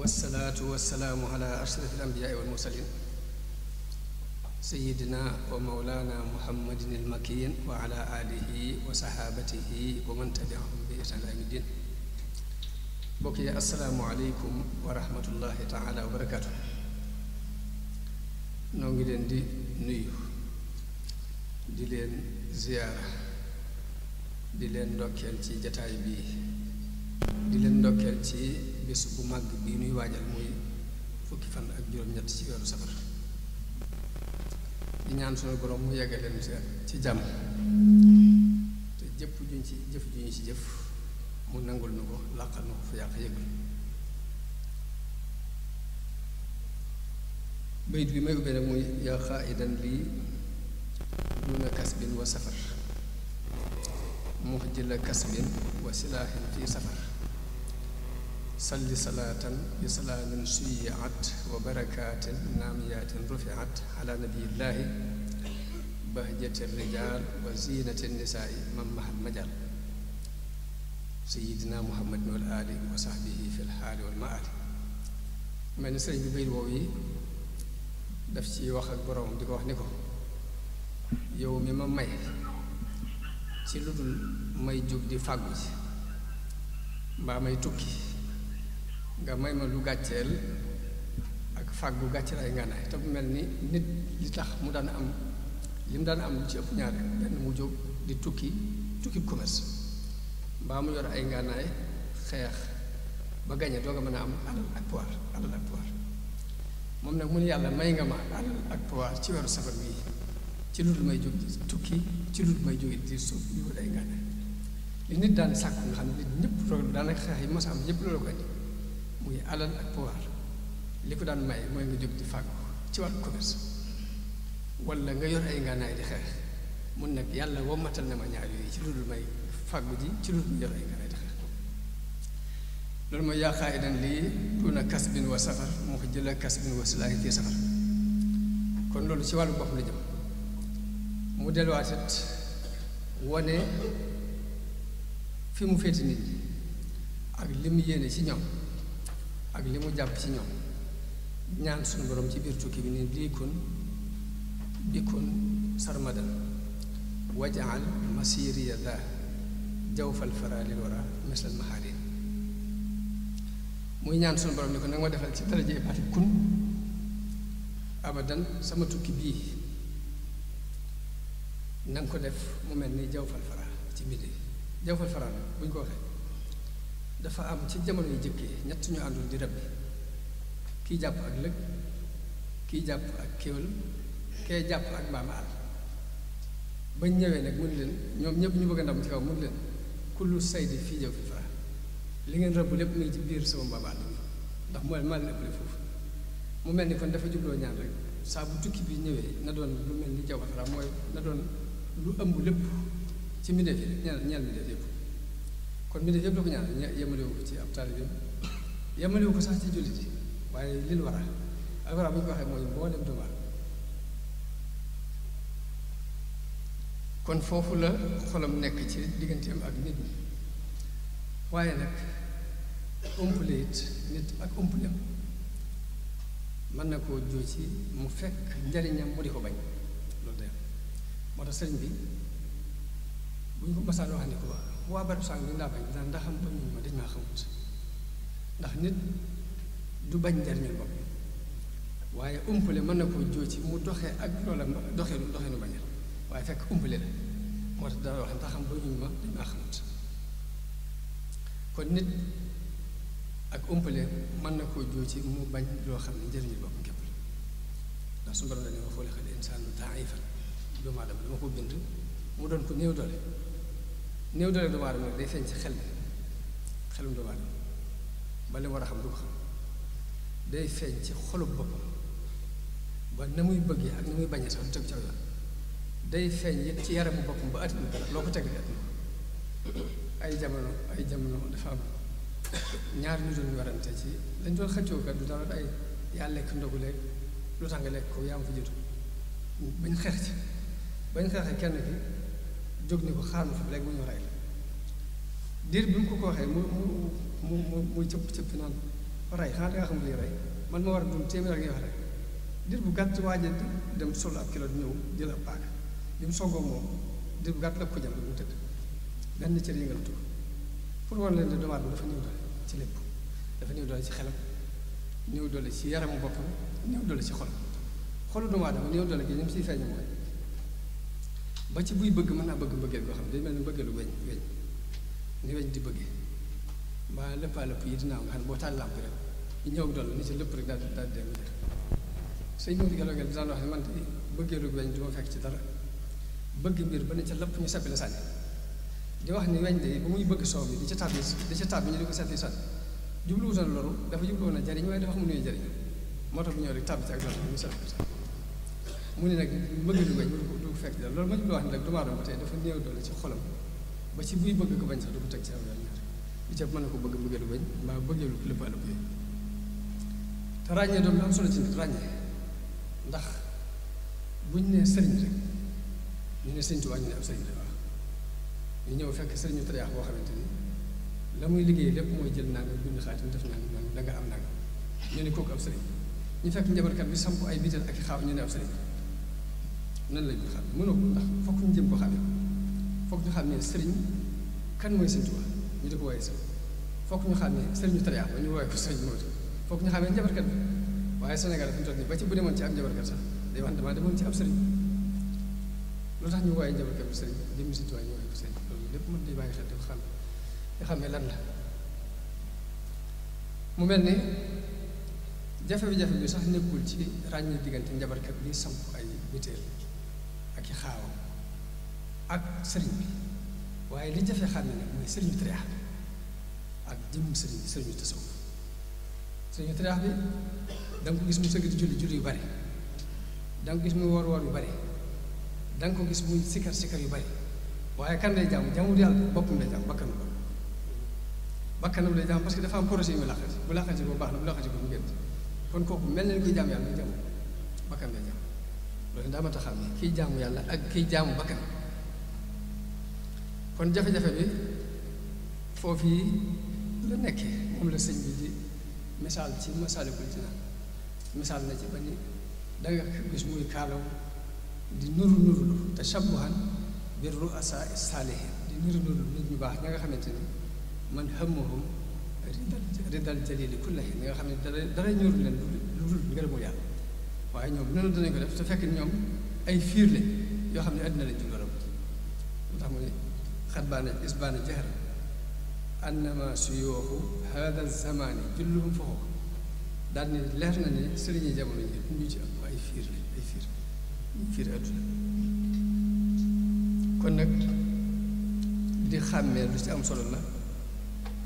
wasalaatu wasalaamu ala ashraf al ambiyaai wal mursalin wa mawlana muhammadin al wa ala alihi wa saxaabatihi wa man tabiahum bi din mbokk yi asalaamu wa rahmatullahi taala wa barakaatu noo ngi leen di nuyu di leen ziyaara di leen ci jataay bii di leen ci bés bu màgg bi nuy waajal muy fukki fan ak juróom-ñett ci weeru safar di ñaan sunu borom mu yegg leen ci jàmm te jëpp ci jëf juñ ci jëf mu nangul na ko làqal na ko fu yàq yëgul bayit bi may ubbee nag muy yaa xaaidan lii duna kasbin wa safar muxjila kasbin wa silaahin fii safar salli salaatan bi salaamin suyiat wa barakaatin naamiyaatin rufiat ala nabiyillaahi bahjati rijaal wa ziinati nisaai man mahal majal sayidina muhammad wal aali wa sahbihi fi lxaali wal maali mel ni sëriñ bi bayit woow yi daf ci wax ak boroom di ko wax ni ko yow mi ma may ci lu dul may jóg di fàggu ci mbaa may tukki nga may ma lu gàcceel ak fàggu gàcceel ay ngànnaay te bu mel ni nit li tax mu daan am li mu daan am lu ci ëpp ñaar benn mu jóg di tukki tukki commerce mbaa mu yor ay ngànnaay xeex ba gañe doo nga mën a am alal ak pouvoir alal ak pouvoir moom nag mun yàlla may nga ma alal ak pouvoir ci weeru safar bi ci lu may jóg di tukki ci lu dul may jóge di suuf di wut ay ngànnaay li nit daan xam ne nit ñëpp loolu daanaka xeex yi mos am ñëpp loolu ko muy alal ak pouvoir li ko daan may mooy nga jóg di fàggu ci wàllu commerce wala nga yor ay ngànnaay di xeex mun nag yàlla wommatal na ma ñaar yooyu ci lu dul may fàggu ji ci lu dul yor ay ngànnaay di xeex loolu mooy yaaqaa idan lii duna kas bin wa safar moo ko jëla kas bin wa silaay ci safar kon loolu ci wàllu bopp la jëm mu delluwaat it wane fi mu féete nit ñi ak li mu yéene ci ñoom ak li mu jàpp ci ñoom ñaan suñu borom ci biir tukki bi ne diikun bikun sarmadan wajaal masiriya da jawfal faralil wara mislal maharin muy ñaan suñu borom ni ko nag ma defal ci daraje baati kun abadan sama tukki bii na ko def mu mel ni jawfal fara ci mbir jawfal fara bu ñu ko waxee dafa am ci jamono yu jëkkee ñett ñu àndul di rab bi kii jàpp ak lëg kii jàpp ak kéwél kee jàpp ak mbaam àll bañ ñëwee nag mun leen ñoom ñëpp ñu bëgg a ndam ci leen kullu saydi fii jëw li ngeen rëbb lépp mu ngi ci biir sama mbaam ndax mooy maa mu mel ni kon dafa jubloo ñaan rek saabu bu tukki ñëwee na doon lu mel ni jaww mooy na doon lu ëmb lépp ci mbindeef yi ñeel ñeel mbindeef yëpp kon bi def yëpp la ko ñaan yemalewu ko ci ab taalibeem yemalewu ko sax ci jullit yi waaye lil wara al wara bu ñu ko waxee mooy mboolem doomu kon foofu la xolam nekk ci digganteem ak nit ñi waaye nag umpale it nit ak umpalem mën na koo jóo ci mu fekk njariñam mu di ko bañ loolu de moo tax sëriñ bi bu ñu ko masaan wax waa barab sàng bi ñu laa bañ daan ndax ma dañ maa xamut ndax nit du bañ njariñul bopp waaye umpale mën na koo jóo ci mu doxee ak loola doxee lu doxee nu bañal waaye xam ma dañ maa xamut kon nit ak umpale mën na koo jóo ci mu bañ loo xam ne njariñul bopp képp la ndax su borom dañu ma foo lexa insaan daifan doomu dama ko bind mu doon ko néew doole néew doole doomu aadama day feeñ ci xel xelum doomu aadama ba li war a xam du ko xam day feeñ ci xolub boppam ba na muy bëggee ak muy bañee sax du tegu ci aw ci yaramu boppam ba at mi loo ko teg at ay jamono ay jamono dafa am ñaar ñu doon warante ci lañ doon xëccoo kat du dara ay yaa lekk ndogu lekk lu tax nga lekk ko yaa ma fa jiitu bañ xeex ci bañ xeexee kenn ki jóg ni ko xaar ma fi léegi mu ñëw rey la diir bi mu ko ko waxee mu mu mu mu mu cëpp cëpp naan rey xanaa dangaa xam lii rey man ma war a dund téeméer ak yow rek diir bu gàtt waaje dem sol ab kilo ñëw jël ab paaka bi mu soggoo moom diir bu gàtt la ko jam mu tëdd benn cër yëngatu ko pour wan leen ne doomu aadama dafa néew doole ci lépp dafa néew doole ci xelam néew doole ci yaramu boppam néew doole ci xol xolu doomu aadama néew doole gi ñoom siy feeñ mooy ba ci buy bëgg mën naa bëgg bëggee koo xam ne day mel ni mbëggeelu weñ weñ ni weñ di bëggee mbaa lëpp yi dina am nga xam ne boo taal làmp rek ñu ñëw doll ni ci lépp rek daal daal dem leer sëñ Modou Gallo Guèye daan wax ne man bëggeelu weñ du ma ci dara bëgg mbir ba ne ca lépp ñu sappi la sànni di wax ni weñ de ba muy bëgg soow bi di ca taab di ca taab bi ñu di ko sappi sànni jubluwutoon loru dafa jubluwoon a jariñ waaye dafa xamu nuy jariñ moo tax bu ñëw rek taab ci ak loolu ñu sappi mu ne nag bëgg lu bañ du fekk dara loolu ma ñu wax ne nag doomu aadama tey dafa néew doole ci xolam ba ci buy bëgg ko bañ sax du ko teg ci aw yoon ñaar na ko bëgg bëgg lu bañ mbaa bëgg lu lépp àll bi ràññee doom am solo ci nit buñ ne sëriñ rek ñu ne sëriñ ab sëriñ ñëw fekk sëriñu tariyaax boo xamante ni la muy liggéey lépp mooy jël nangam bind xaatim def nangam nangam am nag ñu ne kooku ab sëriñ ñu fekk njabarkat bi samp ay bital ak i xaab ñu ne ab sëriñ nan la ñuy xam mënoo ko ndax foog ñu jëm xam ne sëriñ kan mooy sëriñ Tuubaa ñu di ko woowee sëriñ foog ñu xam ne sëriñu tariyaa ba ñu woowee ko sëriñ Moodu foog ñu xam ne njabarkat bi waaye Sénégal fi mu ba ci bu demoon ci am njabarkat sax day wax demoon ci am sëriñ lu tax ñu woowee njabarkat bi sëriñ jëm sëriñ Tuubaa ñu woowee ko sëriñ loolu lépp mën di bàyyi xel di ko xam nga xam ne lan la mu mel ni jafe-jafe bi sax nekkul ci ràññee diggante njabarkat bi samp ay biteel ak i xaawam ak sëriñ bi waaye li jafe xàmme nag mooy sëriñu triax bi ak jëmm sëriñ sëriñu tasawuf sëriñu triax bi da nga ko gis mu sëgg di julli julli yu bari da nga ko gis muy woor woor yu bari da ko gis muy sikar sikar yu bari waaye kan lay jàmm jàmmul yàlla boppam lay jàmm bakkanam ko bakkanam lay jàmm parce que dafa am projet yu muy laqati bu laqati ko baax na bu laqati ko mu génn kon kooku mel na ni koy jàmm yàlla muy jàmm bakkan lay jàmm loolu daa mat xam ne kiy jaamu yàlla ak kiy jaamu bakkan kon jafe-jafe bi foofu yi la nekk moom la sëñ bi di misaal ci masaalikul jinaan misaal na ci ba ni danga gis muy kaalaw di nuru nurulu te shabuhan bi ru'asa saalihin di nuru nurulu nit ñu baax ña nga xamante ni man hammahum ridal ridal jalili kullahi ña nga xam ne dara dara ñuru leen lu dul ngërëmul yàlla waaye ñoom noonu danañ ko def te fekk ñoom ay fiir la yoo xam ne àddina la jublu rab moo tax mu ne xat baana is baana jaxara annama suyooxu hada zamani julluhum fa xoox daal ne leer na ne sëriñi jamono ji ñu ci am ay fiir la ay fiir fiir àdduna kon nag di xàmmee lu si am solo la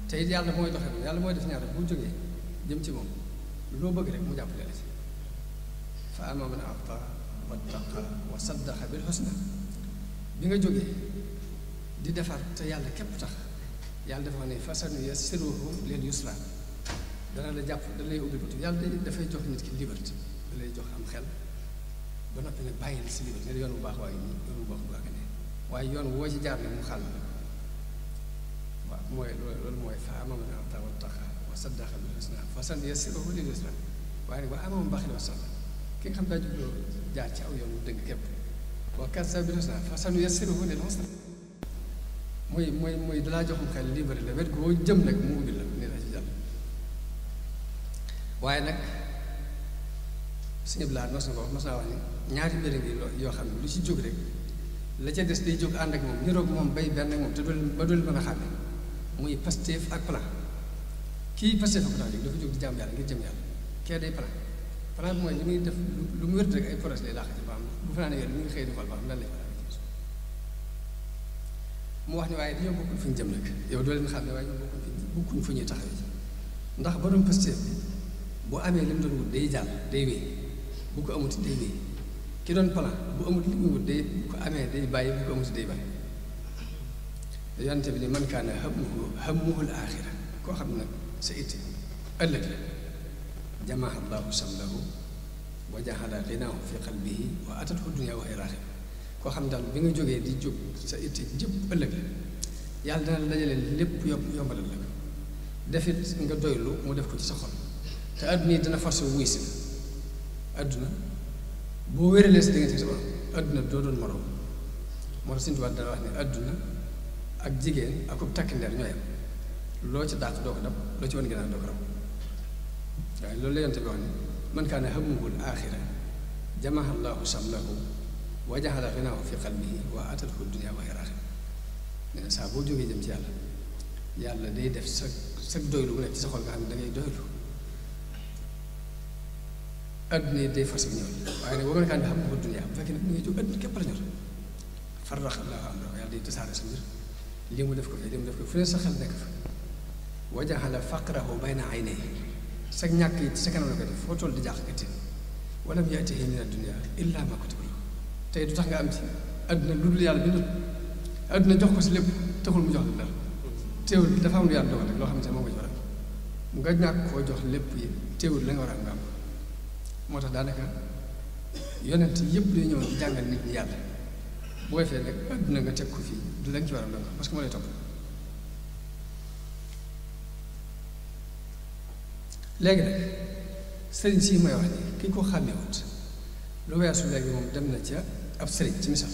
tey yàlla mooy doxe moom yàlla mooy def ñaar bu jógee jëm ci moom loo bëgg rek mu jàppale la ci fa ama man ata wattaqa wa saddaqa bil husna bi nga jógee di defar te yàlla képp tax yàlla dafa ne fasanuyassiruhu lil yusra dana la jàpp da lay ubbi butu yàlla dafay jox nit ki liberté da lay jox am xel ba noppi ne bàyyi la si liberté ne yoon bu baax waaye yoon bu baax bu baax ne waaye yoon woo ci jaar ne mu xàll waaw mooy loolu mooy fa ama man ata wattaqa wa saddaqa bil husna fasanuyassiruhu lil yusra waaye nag wa ama man baxila wa salla ki xam daa jubloo jaar ci aw yoonu dëgg képp wa kasa bi nas fa sanu yassiruhu lil usra mooy mooy mooy dalaa joxum xel libre la wet koo jëm nag mu ubbi la ne la ci jàll ngi yoo xam ne lu ci jóg rek la ca des day jóg ànd ak moom niroog moom bay benn ak moom te dool ba dool mën a xàmme muy Pastef ak plan kii Pastef ak plan dafa jóg di jàmm yàlla ngir jëm yàlla kee day plan fanaan mooy li muy def lu mu wér rek ay projet lay laax ci ba ngi xëy di xool ba xam lan mu wax ne waaye dañoo bokkul fu ñu jëm nag yow doo leen xam ne waaye ñoo bokkul fi fu ñuy taxawee ndax borom pësteef bi bu amee li mu doon wut day jàll day wéy bu ko amut day wéy ki doon plan bu amut li mu wut day bu ko amee day bàyyi bu ko amut day bàyyi yonte bi ne man kaana hammuhu hammuhu al-aaxira koo xam ne nag sa itti ëllëg jamaha allahu samlahu wa jaxala xinaahu fi qalbihi wa atathu dunya wa xayraati koo xam daal bi nga jógee di jóg sa itte jëpp ëllëg la yàlla dana dajale lépp yomb yombalal la defit nga doylu mu def ko ci sa xol te àdduna yi dana fas wuy si àdduna boo wéralee si diggante sa borom àdduna doo doon moroom moo tax suñu dana wax ne àdduna ak jigéen ak ub takk ndeer ñoo loo ci dàq doo ko dab loo ci wan ginnaaw doo ko rab waaye loolu la yonte bi wax ne man kaana hammuhu al-aaxira jamaha allahu samlahu wa jaxala fi qalbihi wa atathu dunya wa hiya aaxira nee saa boo jógee jëm ci yàlla yàlla day def sa sa doylu bu nekk ci sa xol xam ne da ngay doylu adduna yi day ko dunya bu mu ngi jóg adduna képp la ñor farrax allahu amra yàlla def ko fii lii mu def ko fu ne sa xel nekk fa wajaxala faqrahu bayna aynayhi sa ñàkk it sa kanam la ko foo toll di jaax ka tin wala mu yaatihi min ad-dunya illa ma kutiba lahu tey du tax nga am ci adduna lu dul yàlla bindu adduna jox ko si lépp taxul mu jox dafa am lu yàlla loo xamante ne moom nga jox nga ñàkk jox lépp yi teewul la nga war a am nga am moo tax daanaka yonent yëpp day ñëw jàngal nit ñi yàlla bu ko defee nag adduna nga teg ko fii du la ci war a am parce que moo lay topp léegi nag sëriñ sii may wax ni ki ko xàmmewut lu weesu léegi moom dem na ca ab sëriñ ci misaal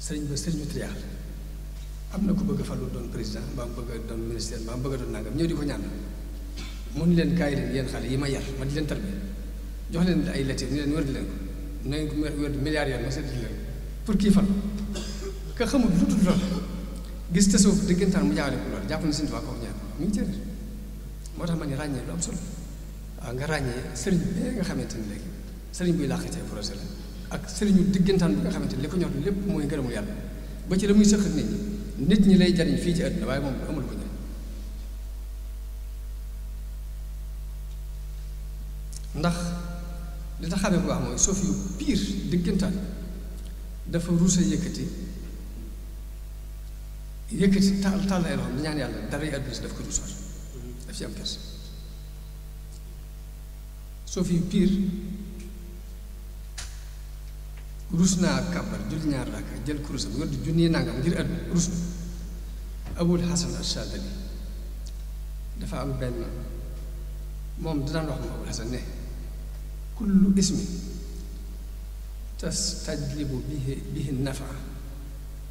sëriñ ba sëriñu trial am na ku bëgg falu doon président mbaa mu bëgg a doon ministère mbaa mu bëgg doon nangam ñëw di ko ñaan mun leen kaay leen yéen xale yi ma yar ma di leen tarbi jox leen ay lettre ni leen wér di leen ko na ngeen ko wér di milliards yoon ma seet di leen pour kii fan ka xamul lu tudd loolu gis te suuf diggantaan mu jaawale ko loolu jàpp na suñu tubaab moo tax ma ni ràññee lu am solo waaw nga ràññee sëriñ bi nga xamante ni léegi sëriñ buy làqatee projet la ak sëriñu diggantaan bi nga xamante ni li ko ñor lépp mooy ngërëmul yàlla ba ci la muy sëq nit ñi lay jariñ fii ci àdduna waaye moom amul ko ñu ndax li tax xamee bu baax mooy suuf yu piir diggantaan dafa ruusa yëkkati yëkkati taal taal ay loxo ñaan yàlla dara yi àdduna si daf ko ruusoon daf ci am kersa soo fi piir rus naa kàbbar jul ñaar raaka jël kurusam yor di junni nangam ngir at rus abul hasan al-Shaadili dafa am benn moom dinaan wax moom abul hasan ne kullu ismi tastajlibu bihi bihi nafa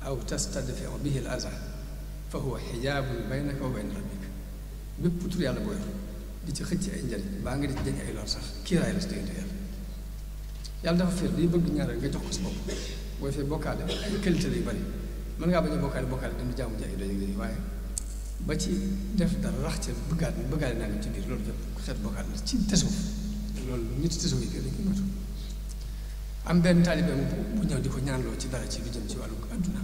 aw tastadfiu bihi al fa huwa xijaabun baynaka wa bayna bépp tur yàlla booy di ci xëcc ay njariñ baa nga di ci jañ ay lor sax kiiraay la si diggante yàlla yàlla dafa fiir day bëgg ñaareel nga jox ko si bopp booy fee bokkaale ay qualité yu bari mën ngaa bañ a bokkaale bokkaale dem waaye ba ci def dara rax ca bëggaat bëggaale naa ci biir loolu yëpp xeet bokkaale la ci tasawuf loolu nit tasawuf yi dañ koy am benn taalibe bu ñëw di ko ñaanloo ci dara ci lu jëm ci wàllu adduna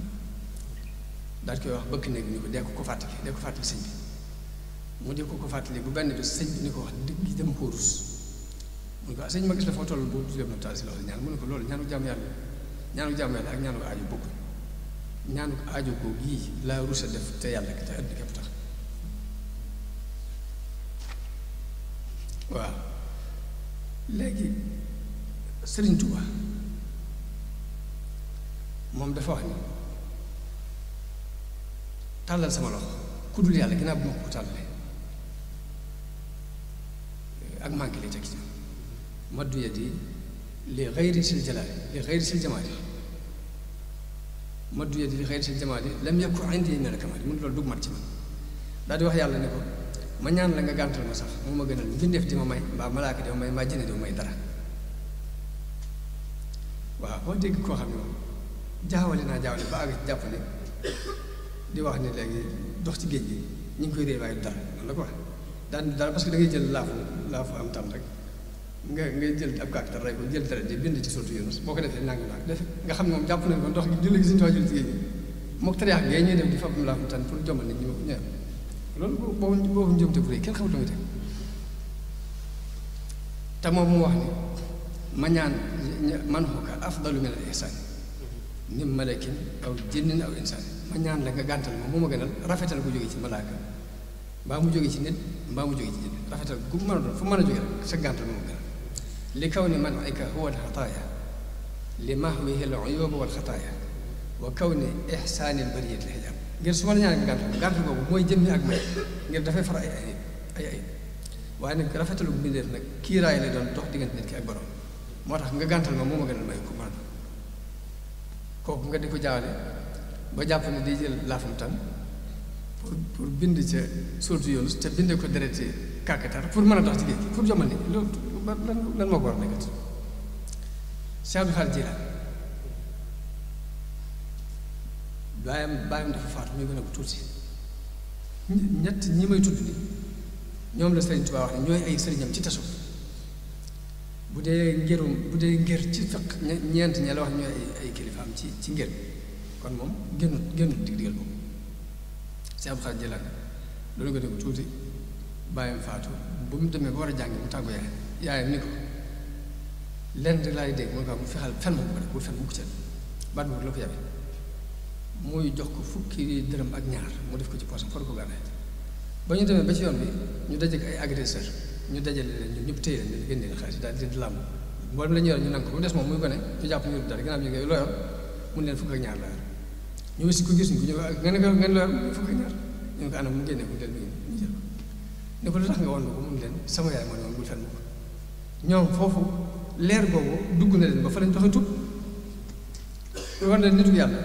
daal koy wax bëgg nekk ñu ko dee ko ko fàttali dee ko fàttali sëñ bi mu di ko ko fàttali bu benn bés sëñ bi ni ko wax dëgg dem koo rus mu ne ko ah, sëñ ma gis la foo toll boobu dem na taal si loxo ñaan mu ko loolu ñaanu jàmm yàlla ñaanu jàmm yàlla ak ñaanu aajo bokk ñaanu aajo ko gii laa rus def te yàlla te àddina képp sama loxo ku bu ma ko tàllalee ak manqué li teg ci maddu yadi li xayri sil jalaali li xayri sil jamaali maddu yadi li xayri sil jamaali lam yakku indi min al kamaali mun loolu dug mat ci man daal di wax yàlla ne ko ma ñaan la nga gàntal ma sax moo ma gënal mbindeef di ma may mbaa malaaka di ma may mbaa jëne di ma may dara waaw boo dégg koo xam ne moom jaawale naa jaawale ba àgg ci di wax ne léegi dox ci géej gi ñu ngi koy réer waaye dara loolu la ko wax daan daal parce que da ngay jël laa laafu am tam rek nga ngay jël ab kàttan rey ko jël deret ji bind ci surtout Yunus boo ko defee nangu naa def nga xam ne moom jàpp nañ ko ndox julli gi suñu toog julli ngay ñuy dem di fab laafu tan pour jomal nit ñi ma ñëw loolu boobu boobu njëmte bu rëy te moom mu wax ni ma ñaan man xuka afdalu min al ihsaan ni malakin aw jinnin aw insaan ma ñaan la nga gàntal ma mu ma gënal rafetal bu jógee ci malaaka mbaa mu jóge ci nit mbaa mu jóge ci nit rafetal ku mën a doon fu mën a jóge rek sa gàntal moom gën li kaw ni man ay ka huwa alxataaya li mahwihi al uyuba xataaya kaw ni ixsaani al su ma la ñaan gàntal mooy jëmmi ak may dafay far ay ay ay waaye nag rafetalu mbindeef nag kiiraay la doon dox diggante nit ki ak borom moo tax nga gàntal ma moom a gën a may ku mën kooku nga di ko jaawale ba jàpp ne di jël laafam tam pour pour bind ca sóotu yoonu te binde ko dereti kàkkatar pour mën a dox ci géej gi pour jomal ni loolu lan lan moo ko war a nekkati Cheikh Abdou Khadre Jilaan baayam baayam dafa faatu muy gën a ko tuuti ñett ñi may tudd ni ñoom la Sëriñ Tuubaa wax ne ñooy ay sëriñam ci tasu bu dee ngërum bu dee ngër ci fekk ñeent ña la wax ñooy ay kilifaam ci ci ngër kon moom génnut génnut dig digal boobu si abxaar la loolu ko def tuuti bàyyam faatu bu mu demee ba war a jàng mu tàggu yaayam ni ko lenn rek laay dégg mu nga mu fexal fen ma ko rek bu fen mu ko ca ko jox ko fukki dërëm ak ñaar mu def ko ci poosam for ko gànnaay ba ñu demee ci yoon bi ñu dajeek ay agresseur ñu dajale leen ñun ñëpp téye leen ñu génne leen xaalis daal di leen làmb mboolem la ñu yor ñu nangu ko ba mu des moom muy gone ñu jàpp ñu dara gannaaw ñu koy mun leen fukk ak ñaar la ñu aussi ko gis ñu ko ñu nga ne ko nga ne la fukki ñaar ñu ne ko anam mu leen sama yaay moo ne woon ñoom foofu leer boobu dugg na leen ba fa lañ doxee tub war leen nitu yàlla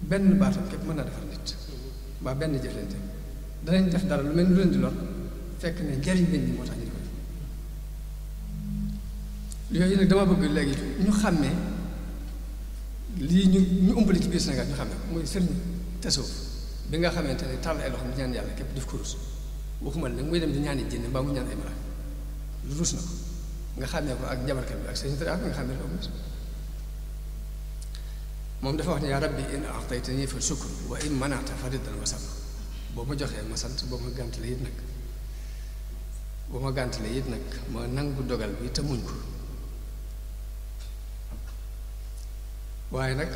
benn baatam képp mën naa defar nit mbaa benn jëflante danañ def dara lu mel ni leen di lor fekk ne njariñ benn moo tax ñu di ko def yooyu nag dama bëgg léegi ñu xàmmee lii ñu ñu umbali ci biir Sénégal ñu xam ne ko muy sëriñ tasawuf bi nga xamante ne tàll ay loxo ñaan yàlla képp def ko ruus waxuma nag muy dem di ñaani jénne mbaa mu ñaan ay mala lu ruus na ko nga xàmmee ko ak njabarkat bi ak sëriñ Tara nga xam ne loolu moom dafa wax ne yaa rabbi in a'taytani fa shukr wa in mana'ta fa riddan wa boo ma joxee ma sant boo ma gàntalee boo ma it nag ma nangu dogal bi te muñ ko waaye nag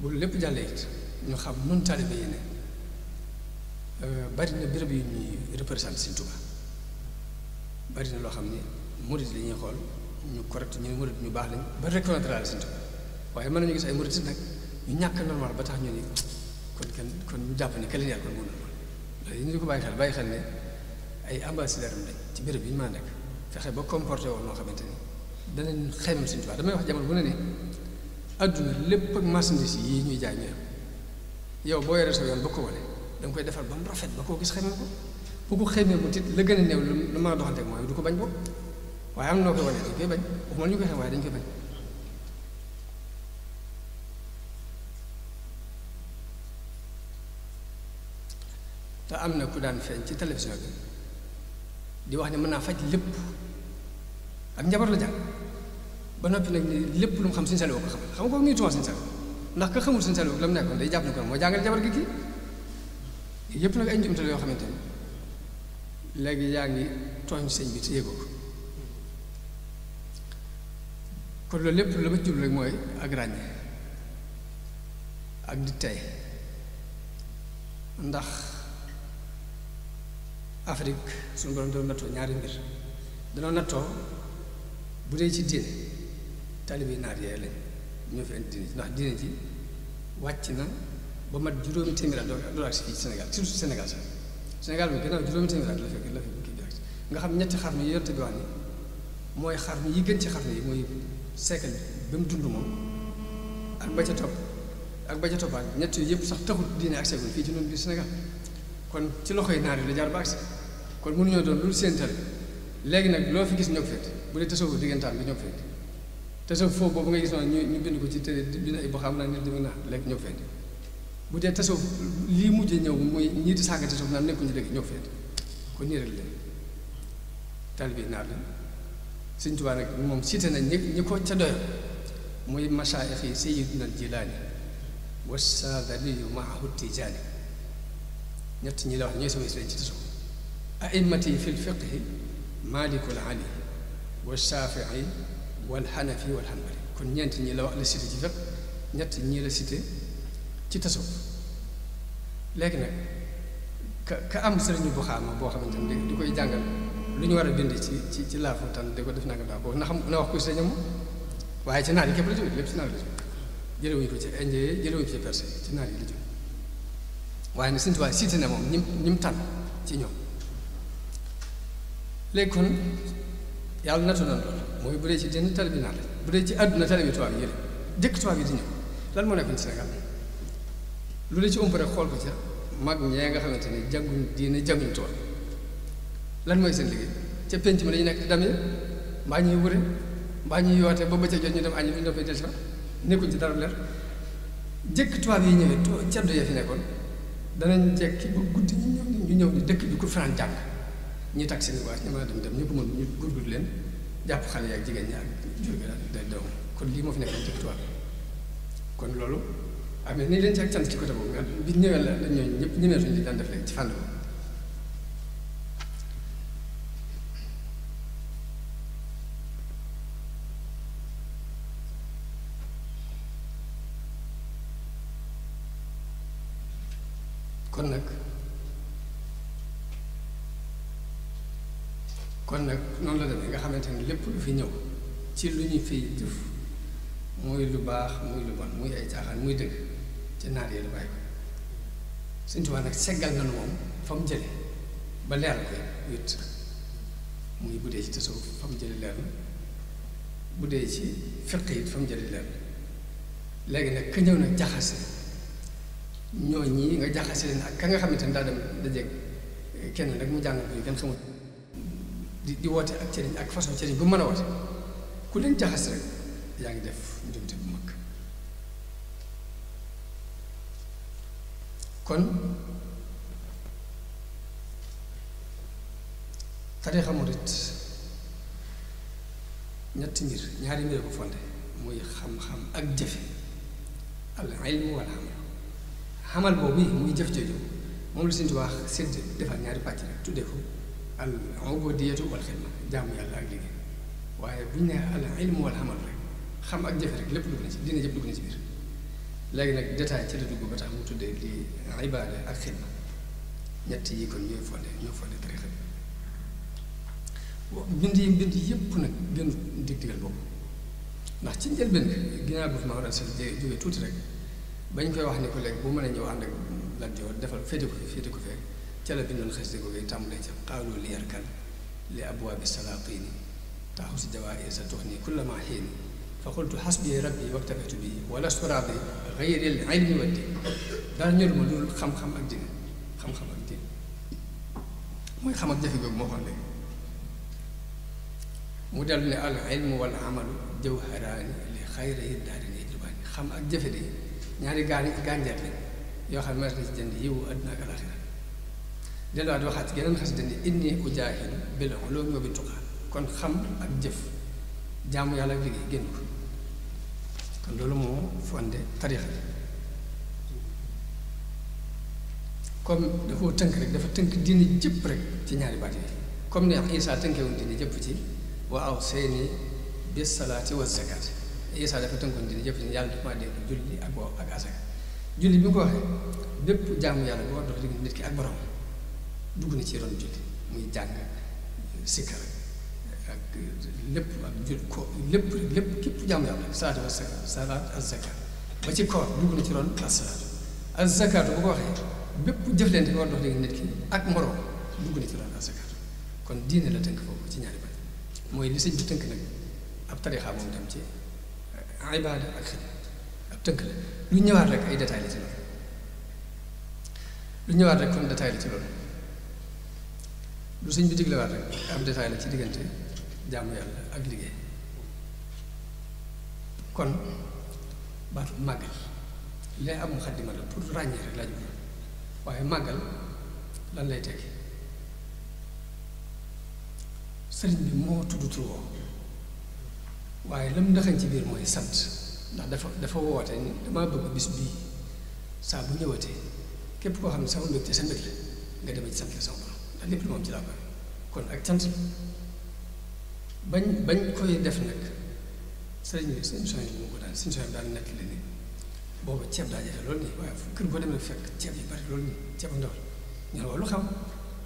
bu lépp jàllee it ñu xam nun taalibe yi ne eh, bari na béréb yi ñu représenté Sëñ Tuubaa bari na loo xam ne murid la ñuy xool ñu correct ñu murid ñu baax lañ ba reconnaître la Sëñ Tuubaa waaye mën nañu gis ay murid nag ñu ñàkk normal ba tax ñu ni kon kenn kon ñu jàpp ne kenn yar kon mënul loolu ñu ko bàyyi xel bàyyi xel ne ay ambassadeur am lañ ci bërëb yi ñu maa nekk fexe ba comporté woon loo xamante ni danañ xaymal Sëñ Tuubaa damay wax jamono bu ne adduna lépp ak marchandise yi ñuy jaay ñooyam yow boo yoree sa yoon ba ko wane da koy defar ba mu rafet ba koo gis xamee ko bu ko xamee bu tit la gën a néew lu mën a doxanteeg mooy du ko bañ bopp waaye am noo koy bañ waxuma ñu koy xam waaye dañ koy te am na ku daan feeñ ci télévision bi di wax ne mën naa faj lépp ak njabar la jàng ba noppi nag lépp lu mu xam Sëñ Saliou ko xam xam ko ngi tuuma Sëñ Saliou ndax ka xamul Sëñ Saliou la mu nekkoon day jàpp ne ko yoo xamante ni léegi yaa ngi tooñ sëñ bi te yëgoo kon loolu lépp la ma jublu mooy ak ak nit tey ndax Afrique suñu borom doon nattoo ñaari mbir danoo nattoo bu dee ci diine talibi naar yee lañ ñoo fi indi diine ji ndax diine ji wàcc na ba mat juróomi téeméer at doo agsi fii Sénégal surtout Sénégal sax Sénégal bi nga xam ñetti xarnu yi yonte bi wax ni mooy xarnu yi gën ci xarnu yi mooy siècle bi mu dund moom ak ba ca topp ak ba ca toppaat ñett yëpp sax taxul diine ak seegul fii ci noonu biir Sénégal kon ci loxoy naar yi la jaar ba agsi kon mënuñoo doon loolu seen tali léegi nag loo fi gis ñoo ko bu dee tasawoo diggantaan bi ñoo ko te tasawuf foofu boobu nga gis noonu ñu bind ko ci tëre bind ay xam naa nit dima na lekk ñoo feet bu dee tasawuf lii mujjee ñëw mooy ñii di saaga tasawuf naan nekkuñu dëgg ñoo feet moom cité na ñi ñi ko ca doyo muy masaayix yi Sayyidina Jilaani wa Saadaliyu maahu Tijaani ñett ñi la wax ñooy sama sëriñ ci tasawuf a'immati fil fiqhi Maalikul Ali wa Shaafi'i wal xanafi wal xanbali kon ñeent ñi la wax la cité ci fépp ñett ñii la cité ci tasawuf léegi nag ka ka am sëriñu bu xaama boo xamante ne di koy jàngal lu ñu war a bind ci ci ci laafu tan di ko def nanga daa boobu na xam na wax kuy sëriñam waaye ci naar yi képp la jógee lépp ci naar yi la jógee jëlewuñu ko ci indien jëlewuñu ko ci perse ci naar yi la jógee waaye nag suñu tubaab ne moom ñi mu ci ñoom léegi kon yàlla natu na loolu mooy bu dee ci dina tali bi naan la bu dee ci àdduna tali bi tubaab yi yële jëkk tubaab yi di ñëw lan moo nekkoon Sénégal lu la ci ëmb rek xool ko ca mag ñee nga xamante ni jànguñ diine jànguñ tool lan mooy seen liggéey ca penc mi dañu nekk damee mbaa ñuy wure mbaa ñuy yoote ba bëccëg jot ñu dem añu bi ñu dafay del si nekkuñ ci dara leer jëkk tubaab yi ñëwee ceddo ya fi nekkoon danañ jekki ba guddi ñu ñëw ñu ñëw ni dëkk bi ku fanaan jàng ñu takk seen waaj ñu a dem dem ko mën ñu gurgud leen jàpp xale yi ak jigéen ñi ak jur gi daal day doom kon lii moo fi nekk ci Tuubaa kon loolu amee nañ leen ci ak cant côté boobu nga bi ñëwee la dañ ñooñu ñëpp ñëmeetuñ li daan def léegi ci fànn boobu kon nag kon nag noonu la demee nga xamante ne lépp lu fi ñëw ci lu ñuy fiy jëf muy lu baax muy lu bon muy ay caaxaan muy dëgg ci naar yi bàyyi ko Sëñ nag seggal na nu moom fa jële ba leer ko it muy bu dee ci tasawuf fa mu jële leer na bu dee ci fiq it fa mu jële leer na léegi nag ka ñëw nag jaxase ñoo nga jaxase leen ak ka nga xamante ne daa dem dajeeg kenn rek mu jàng ko yi kenn xamul di di ak cëriñ ak façon cëriñ bu mën a woote ku leen jaxas rek yaa ngi def njumte bu mag kon tarixa murit ñetti mbir ñaari mbir ko fonde muy xam-xam ak jëfe al ilmu wal xamal boobu muy jëf jooju moom la suñu wax sédd defar ñaari pàcc la tuddee ko al ubudiyatu wal xidma jaamu yàlla ak liggéey waaye bu ñu nee al ilmu wal amal rek xam ak jëfe rek lépp dugg na ci dina jëpp dugg na ci biir léegi nag détail ci la dugg ba tax mu tuddee lii ak xidma ñett yi kon ñooy fonde ñoo fonde tarixa bi bind yi bind yépp nag gënu dig ci njëlbeen ginnaaw bi fi ma war a jógee tuuti rek bañ koy wax ni ko léegi bu mën a ñëw ànd ak Lat Joor defal féete ko fi féete ko fee ca la bindoon xasida googu tàmbalee ca xaaloo li yarkan li abwaabi salaatini taxu si jawaair sa tuxni kulla ma xiin fa qultu xasbi rabbi waktafatu bi wala surabi xayril ilmi wa din dara xam ak din mu dellu ne al ilmu wal amalu de ñaari gaal gànjaat yoo xam ne mën jënd yiwu àdduna ak alaxira delluwaat waxaat ci geneen xasida ni inni ujaahidu bil ulumi wa bi tuqaa kon xam ak jëf yàlla ak ko loolu moo fonde tarixa bi comme dafa tënk rek dafa tënk diine jëpp rek ci ñaari baat yi comme ne Isa tënkewoon diine jëpp ci wa aw seeni bis salaati wa zakaat Isa dafa tënkoon diine jëpp ci yàlla dafa maa dégg julli ak woo ak asaka julli bi nga ko waxee bépp jaamu yàlla boo dox digg nit ki ak borom dugg na ci ron julli muy jàng euh, sikkar ak euh, lépp ak jul ko lépp lépp képp jàmm yàlla salaat ak zakat ba ci koor dugg na ci ron asalaatu ak zakaatu bu ko waxee bépp jëflante bi war dox léegi nit ki ak moroom dugg na ci ron asakaatu kon diine la tënk foofu ci ñaari bañ mooy li sëñ bi tënk nag ab tarixaa dem ci euh, ibaada ak xidma ab tënk la lu ñëwaat rek ay détails la ci loolu lu ñëwaat rek kon détails la ci loolu lu sëñ bi diglewaat rek am détail la ci diggante jaamu yàlla ak liggéey kon baatu màggal lay am muxaddima la pour ràññee rek waaye màggal lan lay tekki sëriñ bi moo tudd tur woo waaye mu ndaxañ ci biir mooy sant ndax dafa dafa woote ni damaa bëgg bis bii saa bu ñëwatee képp koo xam ne sama mbég te sa mbég la nga demee ci sant la sama ndax lépp lu moom ci laa ko kon ak cant bañ bañ koy def nag bi suñu soñ bi mu ko daan suñu boobu ceeb daa jafe loolu nii waaye kër boo demee fekk ceeb yi bari loolu nii ceeb ndaw ñu ne waaw lu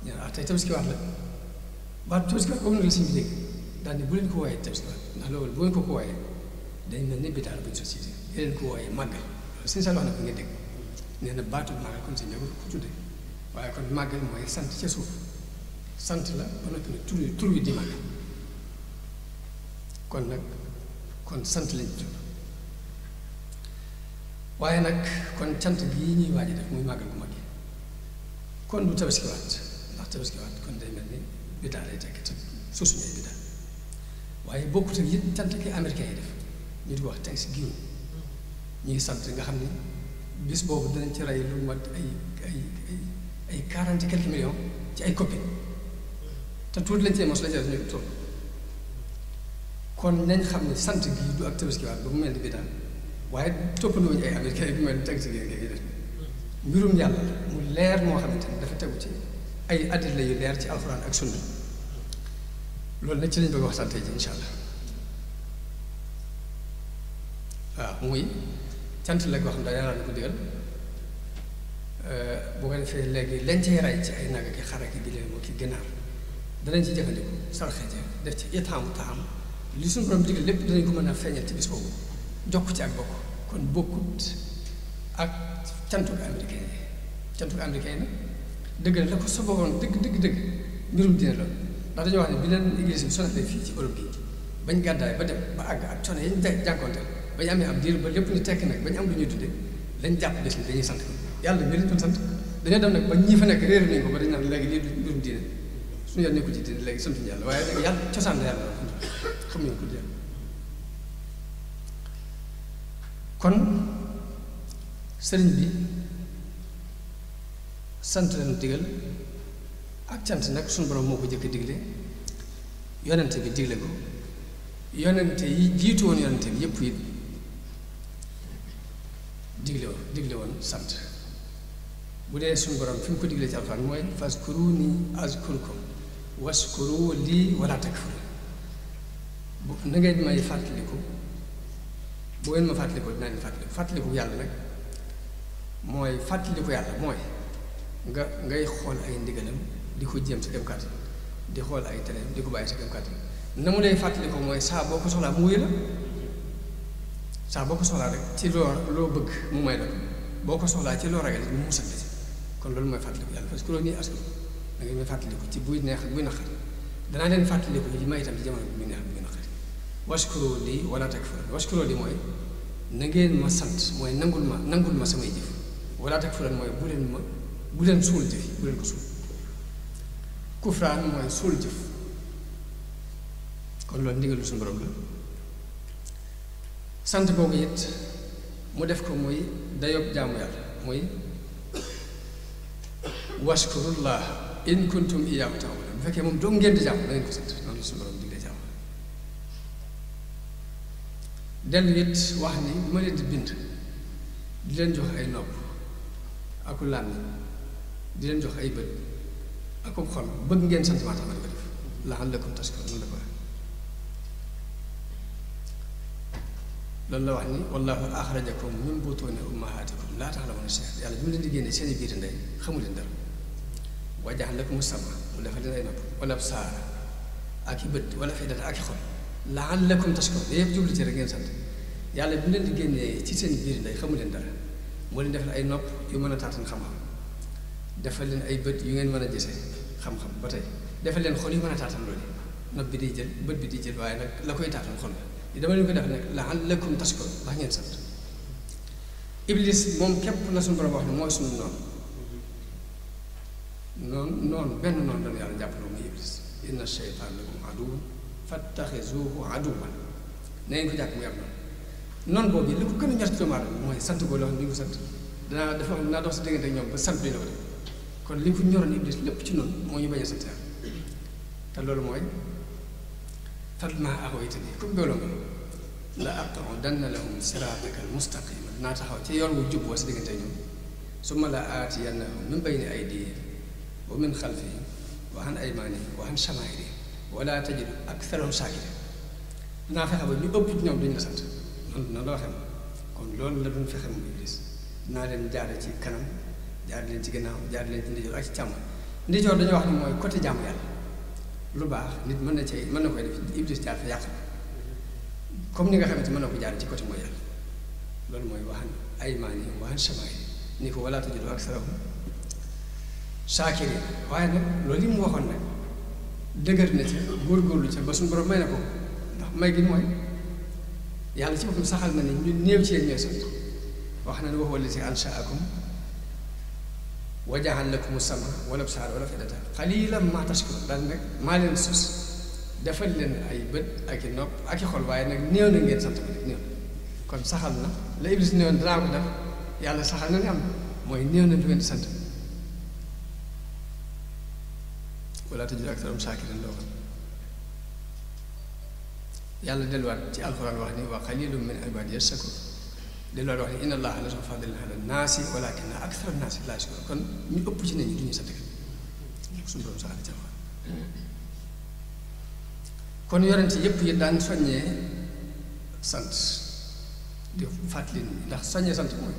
ne ah la waaw tabaski waat comme ni la daal bu leen ko wooyee tabaski waat ndax loolu bu leen ko ko wooyee dañ mel ni bidaal buñ société yi leen ko wooyee màggal dégg nee baatu màggal comme si ñoo ko tuddee waaye kon màggal mooy sant ca suuf sant la ba noppi nag tur wi tur wi di mag kon nag kon sant lañ tudd waaye nag kon cant gi ñuy waaj def muy màggal bu mag kon du tabaskiwaat ndax tabaskiwaat kon day mel ni biddaa lay tekki te suusu ngay waaye bokkut ak yëpp cant ki américain yi def ñu di ko wax Thanksgiving ñu ngi sant nga xam ne bis boobu danañ ci rey lu mat ay ay ay quarante quelques millions ci ay copines te tuuti lañ cee mos la ca def ñu kon nañ xam ne sant gii du ak tabaskiwaat ba mu mel ni bi daal waaye toppandoo ñu ay américain bi mel ni teg si gi mbirum yàlla mu leer moo xamante ni dafa tegu ci ay addit la yu leer ci alxuraan ak sunna loolu nag ci lañ bëgg waxtaan tey ji incha allah waaw muy cant la goo xam ne yàlla na ko digal bu ko defee léegi lañ cay ray ci ay nag ak xar ak gileem ak ginaar danañ ci jëfandiku sarxe ja def ci itaamu taam li suñu borom digal lépp danañ ko mën a feeñal ci bis jox jokk ci ak bokk kon bokkut ak cantu américain yi cantuk américain nag dëgg la la ko sababoon dëgg dëgg dëgg mbirum dina lool ndax dañoo wax ne bi leen église bi sonalee fii ci Europe gi bañ gàddaay ba dem ba àgg ak coono yi ñu jànkonte bañ amee am diir ba lépp ñu tekki nag bañ am lu ñuy dundee lañ jàpp bés bi dañuy sant ko yàlla ñu leen doon sant dañoo fa nekk réer nañ ko ba dañ naan léegi lii mbirum suñu yoon nekku ci di léegi sant yàlla waaye nag yàlla cosaan la yàlla xam nañ ko jël kon sëriñ bi sant leen digal ak cant nag suñu borom moo ko jëkk digle yonente bi digle ko yonente yi jiitu woon yonente bi yépp it digle woon digle woon sant bu dee suñu borom fi mu ko digle ci alxuraan mooy fas kuru ni azkurkum waskuru lii wala takfuru bu na ngeen may fàttaliku boo ngeen ma fàttaliku dinaa leen fàttaliku fàttaliku yàlla rek mooy fàttaliku yàlla mooy nga ngay xool ay ndigalam di ko jéem sa kem kàttan di xool ay tereem di ko bàyyi sa kem kàttan na mu lay fàttaliku mooy saa boo ko soxlaa mu wuyu la saa boo ko soxlaa rek ci loo loo bëgg mu may la ko boo ko soxlaa ci loo ragal mu musal la si kon loolu mooy fàttaliku yàlla parce que loolu nii askan da ngeen may fàttaliku ci buy neex buy naqari danaa leen fàttaliku li ma itam ci jamono bi buy neex buy naqari waskuro lii wala takfur waskuro lii mooy na ngeen ma sant mooy nangul ma nangul ma samay jëf wala takfur mooy bu leen ma bu leen suul jëf bu ko suul kufraan mooy suul jëf kon loolu ndigalu suñu la sant boobu it mu def ko muy dayob jaamu yàlla muy washkurullah in kuntum iyaahu ta'buduun bu fekkee moom dong ngeen di jàpp da ngeen ko sant noonu suñu borom digle jàpp dellu it wax ni bu ma leen di bind di leen jox ay nopp aku làmmiñ di leen jox ay bët aku xol bëgg ngeen sant maa tax ma di ko def la'allakum tashkuruun noonu la ko loolu la wax ni wallaahu axrajakum min butuuni ummahaatikum laa ta'lamuuna shay'an yàlla bi mu leen di génnee seen i biir ndey xamu leen dara wajax lakum sama mu defal leen ay nopp wala saar ak i bët wala fay data ak i xol laallakum tashkurun yëpp rek ngeen sant yàlla bi leen di génnee ci seen biir ndey xamu leen dara moo leen defal ay nopp yu mën a taatan xam-xam leen ay bët yu ngeen mën a gise xam-xam ba leen xol yu a taatan loolu nopp bi di jël bët bi di jël waaye nag la koy taatan xol la dama leen ko defal nag laallakum tashkurun ndax ngeen sant iblis moom képp la suñu borom wax ne suñu noonu noonu noonu benn noonu dana yàlla jàppaloo muy iblis inna sheytaan lakum na jàpp mu yàpp noonu boobu li ko a ñor ci doomu aadama mooy sant boo loo xam ne ko sant danaa dafa naa dox ba sant bi la ko kon li ko ñoroon iblis lépp ci noonu moo ñu bañ a te loolu mooy fatma axawayta nii comme dooloo nga la aq'udanna lahum siraataka al-mustaqima dinaa taxaw ci yoon wu jub boo si diggante ñoom summa la aatiyannahum min bayni aydihim wa min xalfihim wa an aymanihim wa an shamaa'ilihim wala tajidu aktharahum shaakiriin dinaa fexe ba ñu ëpp ci ñoom duñ sant noonu na la waxee kon loolu la duñ fexe moom Iblis dinaa leen jaare ci kanam jaare leen ci gannaaw jaare leen ci ndijoor ak ci càmm ndijoor dañu wax mooy côté jàmm yàlla lu baax nit mën na cee mën na koy def Iblis jaar fa yàq comme ni nga xamante mën na ko jaar ci côté mooy yàlla loolu mooy waxan ay wa an shamaa'ilihim ni ko wala saakiri waaye nag loolu yi mu waxoon nag dëgër na ci góorgóorlu ci ba suñu borom may na ko ndax may gi mooy yàlla ci boppam na ne ñu néew wax na ne wax wala si anshaakum wa jaxal lakum sama wala absaar wala fidata xalilan maa tashkur daal nag maa leen leen ay bët ak i ak i xol waaye nag néew na ngeen sant kon saxal na la iblis na danaa ko def yàlla saxal na ne am mooy néew na du ngeen sant wala tajid aktarum shaakirin la waxoon yàlla delluwaat ci alxuraan wax ni wa qalilum min ibaadiya shakur delluwaat wax ni inna allaha la fadlin ala naasi walakinna aktar naasi laa kon ñu ëpp ci nit ñi du ñu sant kat suñu kon yorente yépp yi daan soññee sant di fàttali ndax soññee sant mooy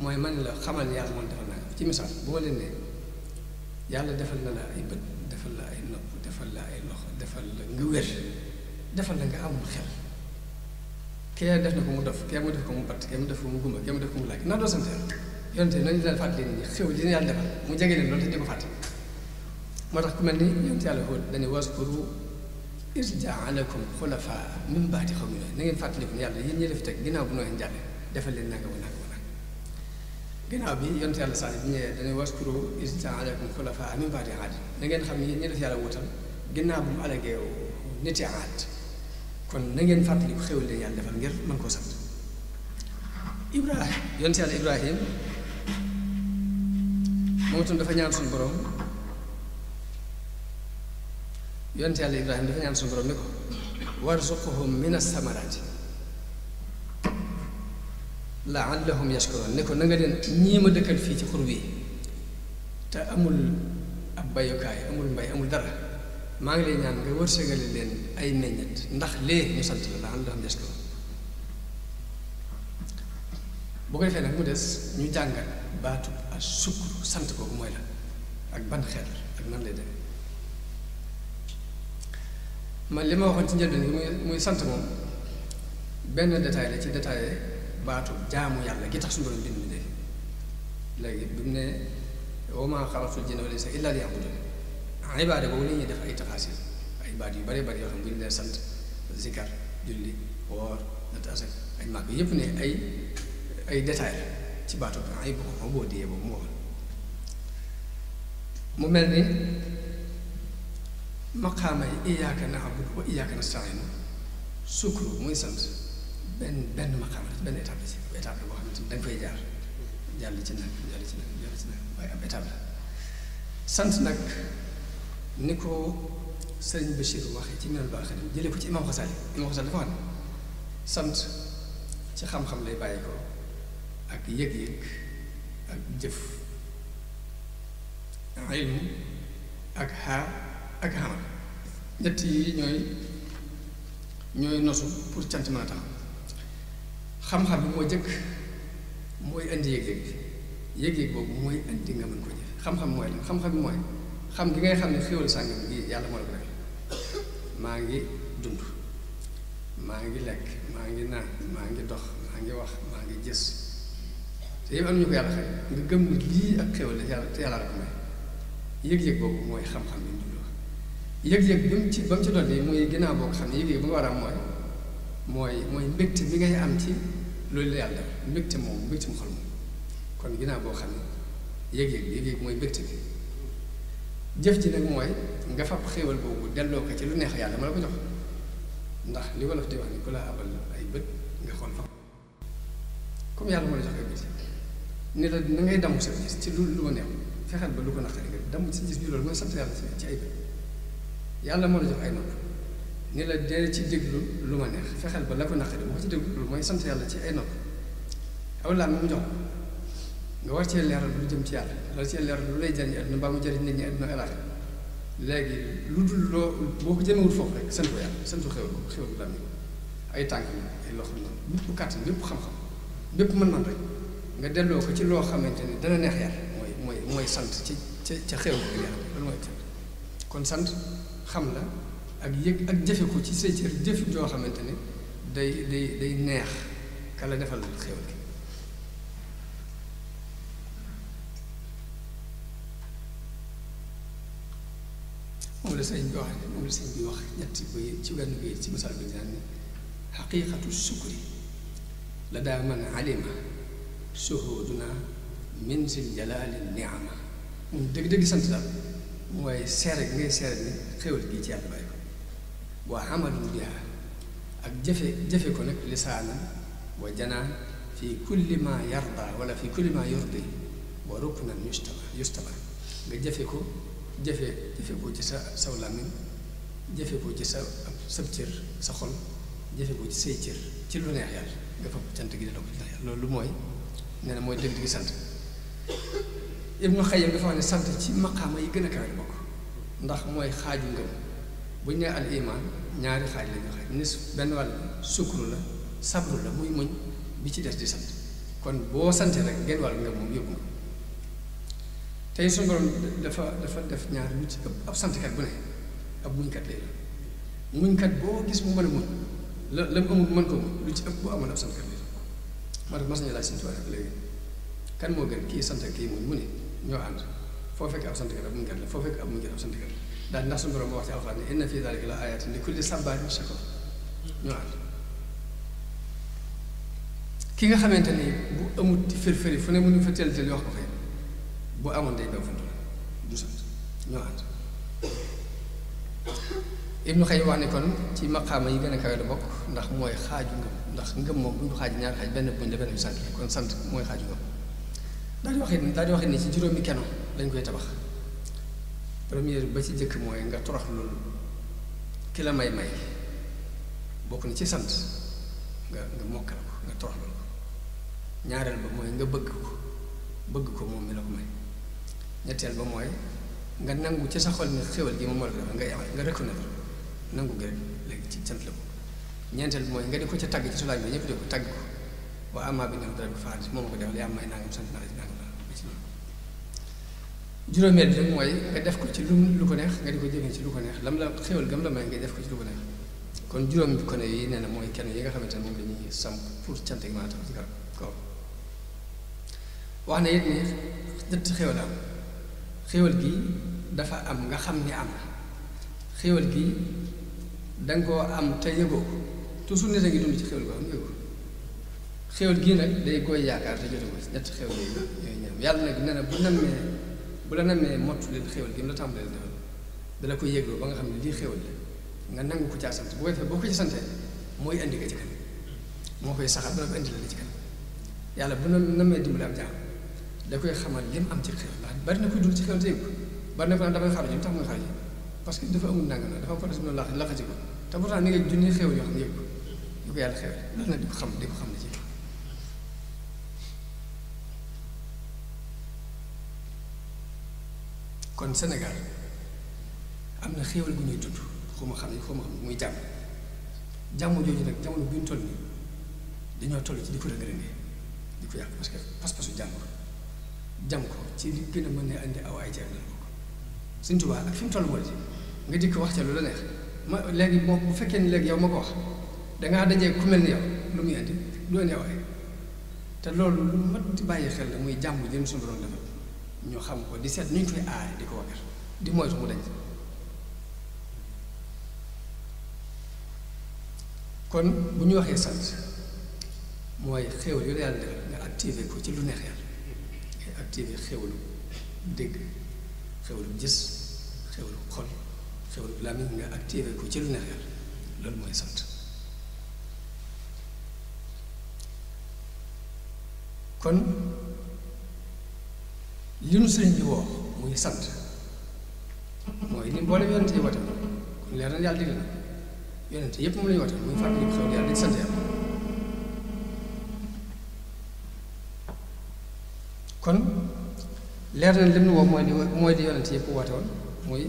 mooy man la xamal yàlla moom defal naa ci misaal bu leen ne yàlla defal na la ay bët defal la ay nopp defal la ay loxo defal la nga wér defal la nga am xel kee def na ko mu dof kee mu def ko mu batt kee mu def ko mu gumba kee mu def ko mu laaj naa doo sante yonte nañu daan fàttali nit ñi xew li mu jege leen loolu te di ko fàtte ku mel ni yonte yàlla xóot dañu waskuru iz jaalakum xulafaa min baati xaw mi na ngeen fàttaliku ne yàlla yéen ñi def teg ginnaaw bu nooyeen jàlle defal leen nanga bu nanga ginnaaw bi yonte yàlla saali bi ñëwee dañuy waskuro istan aleykum xulafaa min baadi aad na ngeen xam ne ñi def yàlla wutal ginnaaw bu mu alagee niti aad kon na ngeen fàttali ko xéwal leen yàlla defal ngir mën koo sant ibrahim yonte yàlla ibrahim dafa ñaan suñu borom yonte yàlla ibrahim dafa ñaan suñu borom ni ko warzuqhum min as-samaraati laallahum yashkuroon ne ko na nga leen ñii ma dëkkal fii ci xur bii te amul ab bayukaay amul mbay amul dara maa ngi lay ñaan nga wërsëgale leen ay meññet ndax lee ñu sant la laallahum yashkuroon bu ko defee nag mu des ñu jàngal baatu ak sukkuru sant kooku mooy la ak ban xeet ak nan lay dem man li ma waxoon ci njëlbeen bi muy sant moom benn détail la ci détail baatu jaamu yàlla gi tax suñu borom bind de léegi bi mu ne wa maa xalaqtul jinna wal insa illa liya'budun ibaada boobu la ñuy def ay taxaasir ay baat yu bare bari yoo xam bu ñu leen sant zikar julli woor natt asak ay màgg yépp ne ay ay détail ci baatu ay bu ko boo dee boobu moo mu mel ni maqaama yi iyaaka na'budu wa iyaaka nasta'iin sukru muy sant benn benn maqaama benn étape la si étape la boo xamante ni da nga jaar jàll ci nag jàll ci nag jàll ci nag waaye ab étape sant nag ni ko sëriñ Bachir waxee ci Minanul Baaqil Qadiim jëlee ko ci imam Xasali imam Xasali dafa wax ne sant ci xam-xam lay bàyyi ko ak yëg-yëg ak jëf ilmu ak xaar ak xamal ñett yi ñooy ñooy nosu pour cant mën a taxaw xam-xam bi moo jëkk mooy indi yëg-yëg bi yëg-yëg boobu mooy indi mën ko jëf xam-xam mooy la xam bi mooy xam ngay xam ne xéwal sàngam gi yàlla moo la maa ngi dund lekk maa ngi naan maa ngi dox maa wax maa ngi gis ñu ko nga gëm ni lii ak xéwal la yàlla te yàlla yëg-yëg mooy xam-xam bi ñu yëg-yëg mu ci ba mu ci doon mooy gën a ko xam ne yëg-yëg bu nga war a am mooy mooy mooy mbégte bi ngay am ci loolu la yàlla def mbégte moom mbégte mu xol moom kon ginnaaw boo xam ne yëg-yëg yëg mooy mbégte bi jëf ji nag mooy nga fab xéewal boobu delloo ko ci lu neex yàlla ma la ko jox ndax li wolof di wax ni ku abal ay bët nga xool fa comme moo la jox ay bët ne la ci lu lu ko neex fexeel ba lu ko naqari nga damu sa gis bi loolu mooy sant yàlla ci ay yàlla moo la ay nopp ni la dee ci déglu lu ma neex fexeel ba la ko naqari boo ci déglu loolu mooy sant yàlla ci ay nopp aw laa mu jox nga war cee leeral lu jëm ci yàlla war cee leeral lu lay jariñ àdduna mbaa mu jariñ nit ñi àdduna alaxira léegi lu dul loo boo ko jëmewul foofu rek sant ko yàlla sant xéwal ko ay tànk ay loxo noonu bépp kàttan bépp delloo ko ci loo xamante ni dana neex yàlla mooy mooy mooy sant ci ca ca xéwal loolu mooy sant kon sant xam la. ak yëg ak jëfe ko ci say cër jëf joo xamante ne day day day neex kala defal xéwal gi moom la sëñ bi wax moom la sëñ bi wax ñetti bay ci wenn bay ci misaal bi naan ni xaqiiqatu sukri la daa man alima suhuduna min sil jalaali niama moom dëgg-dëgg sant daal mooy seere ngay seere ni xéwal gi ci yàlla wa amadu biha ak jëfe jëfe ko nag lisaanan wa janaan fi kulli ma yarda wala fi kulli ma yurdi wa ruknan yustaba yustaba nga jëfe ko jëfe jëfe ko ci sa saw làmmiñ jëfe ko ci sa sab cër sa xol jëfe ko ci say cër ci lu neex yàlla nga fab cant gi di loolu mooy nee na mooy dëgg gi sant Ibnu Xayyim dafa wax ne sant ci maqaama yi gën a kawe bokk ndax mooy xaaju ngëm bu ñu nee al iman ñaari xaaj la xaaj nis benn wàll sukkur la sabru la muy muñ bi ci des di sant kon boo sante rek genn wàll nga moom yóbbu nga tey suñu dafa dafa def ñaar lu ci ëpp ab santkat bu ne ab muñkat lay la muñkat gis mu mën a la la mu ko muñ lu ci ëpp bu amoon ab santkat lay la moo tax mas nañu laaj suñu tubaab léegi kan moo gën kii sant kii muñ mu ne ñoo ànd foo fekk ab santkat ab muñkat la foo fekk ab muñkat ab santkat la daal ndax suñu borom moo wax ci alxuraan ne inna fi dalika la ayatin li kulli sabbaarin shakur ñu ànd ki nga xamante ni bu amut firfiri fu ne mënu fa teel teel wax ko fay bu amoon day daw fa du sant ñu ànd Ibnu Xayyim wax ne kon ci maqaama yi gën a kawe la bokk ndax mooy xaaju ngëm ndax ngëm moom bu ñu ko xaaj ñaar xaaj benn buñ la benn bi sant kon sant mooy xaaju ngëm daal di wax it daal di wax it ni ci juróomi keno lañ koy tabax première ba ci jëkk mooy nga torox loolu ki la may may bokk na ci sant nga nga mokkal ko nga torox loolu ñaareel ba mooy nga bëgg ko bëgg ko moom mi la ko may ñetteel ba mooy nga nangu ci sa xol ni xéwal gi moom moo la def nga yamal nga reconnaître nangu gi léegi ci sant la ko ñeenteel bi mooy nga di ko ci tàgg ci sulaaj bi ñëpp di ko tàgg ko waa amaa bi nga dara bi faal moom ko defal yaa may nangam sant naa la ci nangam juróomeel bi nag mooy nga def ko ci lu lu ko neex nga di ko jëmee ci lu ko neex lam la xéwal gam la may nga def ko ci lu ko neex kon juróom ko ne yi nee na mooy kenn yi nga xamante ne pour cant gi mën a tax wax na it ni dëtt xéwal xéwal gi dafa am nga xam ni am xéwal gi danga koo am te yëgoo ko toujours nit a ngi dund ci xéwal goo xam yëgoo xéwal gii nag day koy yaakaar te jotu ko ñetti xéwal yooyu ñoom yàlla nag nee bu nammee bu la namee mottu leen xéwal gi mu la tàmbalee defal ko yëgloo ba nga xam ne lii xéwal la nga nangu ko caa sant bu ko defee boo ko ci mooy indi nga ci kanam moo koy saxal dana ko indi la ci kanam yàlla bu na namee dimbali am jaam da koy xamal li mu am ci xéwal ndax bari na koy dund ci xéwal te yëg ko bari na ko naan damay xaar nga xaar ji parce que dafa amul nanga na dafa am ko des mu laq laqati ko te pourtant ni nga junni xéwal yoo xam ne yëg ko yu ko yàlla xam di ko kon Sénégal am na xéewal gu ñuy tudd xaw ma xam ne xaw ma xam ne muy jàmm jàmm jooju nag jamono bi toll nii dañoo toll ci di ko regretter di ko yàq parce que pas-pasu jàmm jàmm ko ci li gën a mën ne andi aw ay jaay nañ ko Sëñ Tuubaa ak fi mu toll mooy nga dikk wax ca lu la neex ma léegi moo bu fekkee ni léegi yow ma ko wax dangaa dajee ku mel ni yow lu muy andi lu andi ay te loolu lu mat di bàyyi xel la muy jàmm jëm suñu borom ñu xam ko di seet ñu ñu koy aare di ko waggar di moytu mu dañ kon bu ñu waxee sant mooy xéwal yu la nga activé ko ci lu neex yàlla ngay activé xéwalu dégg xéwalu gis xéwalu xol ko ci lu neex loolu mooy sant kon li nu sëriñ bi woo muy sant mooy li mboolem yonent yi woote leer na na yonent yépp moom la ñu woote muy fàttali bu xew yàlla di kon leer na lim woo mooy di yonent yépp woote woon muy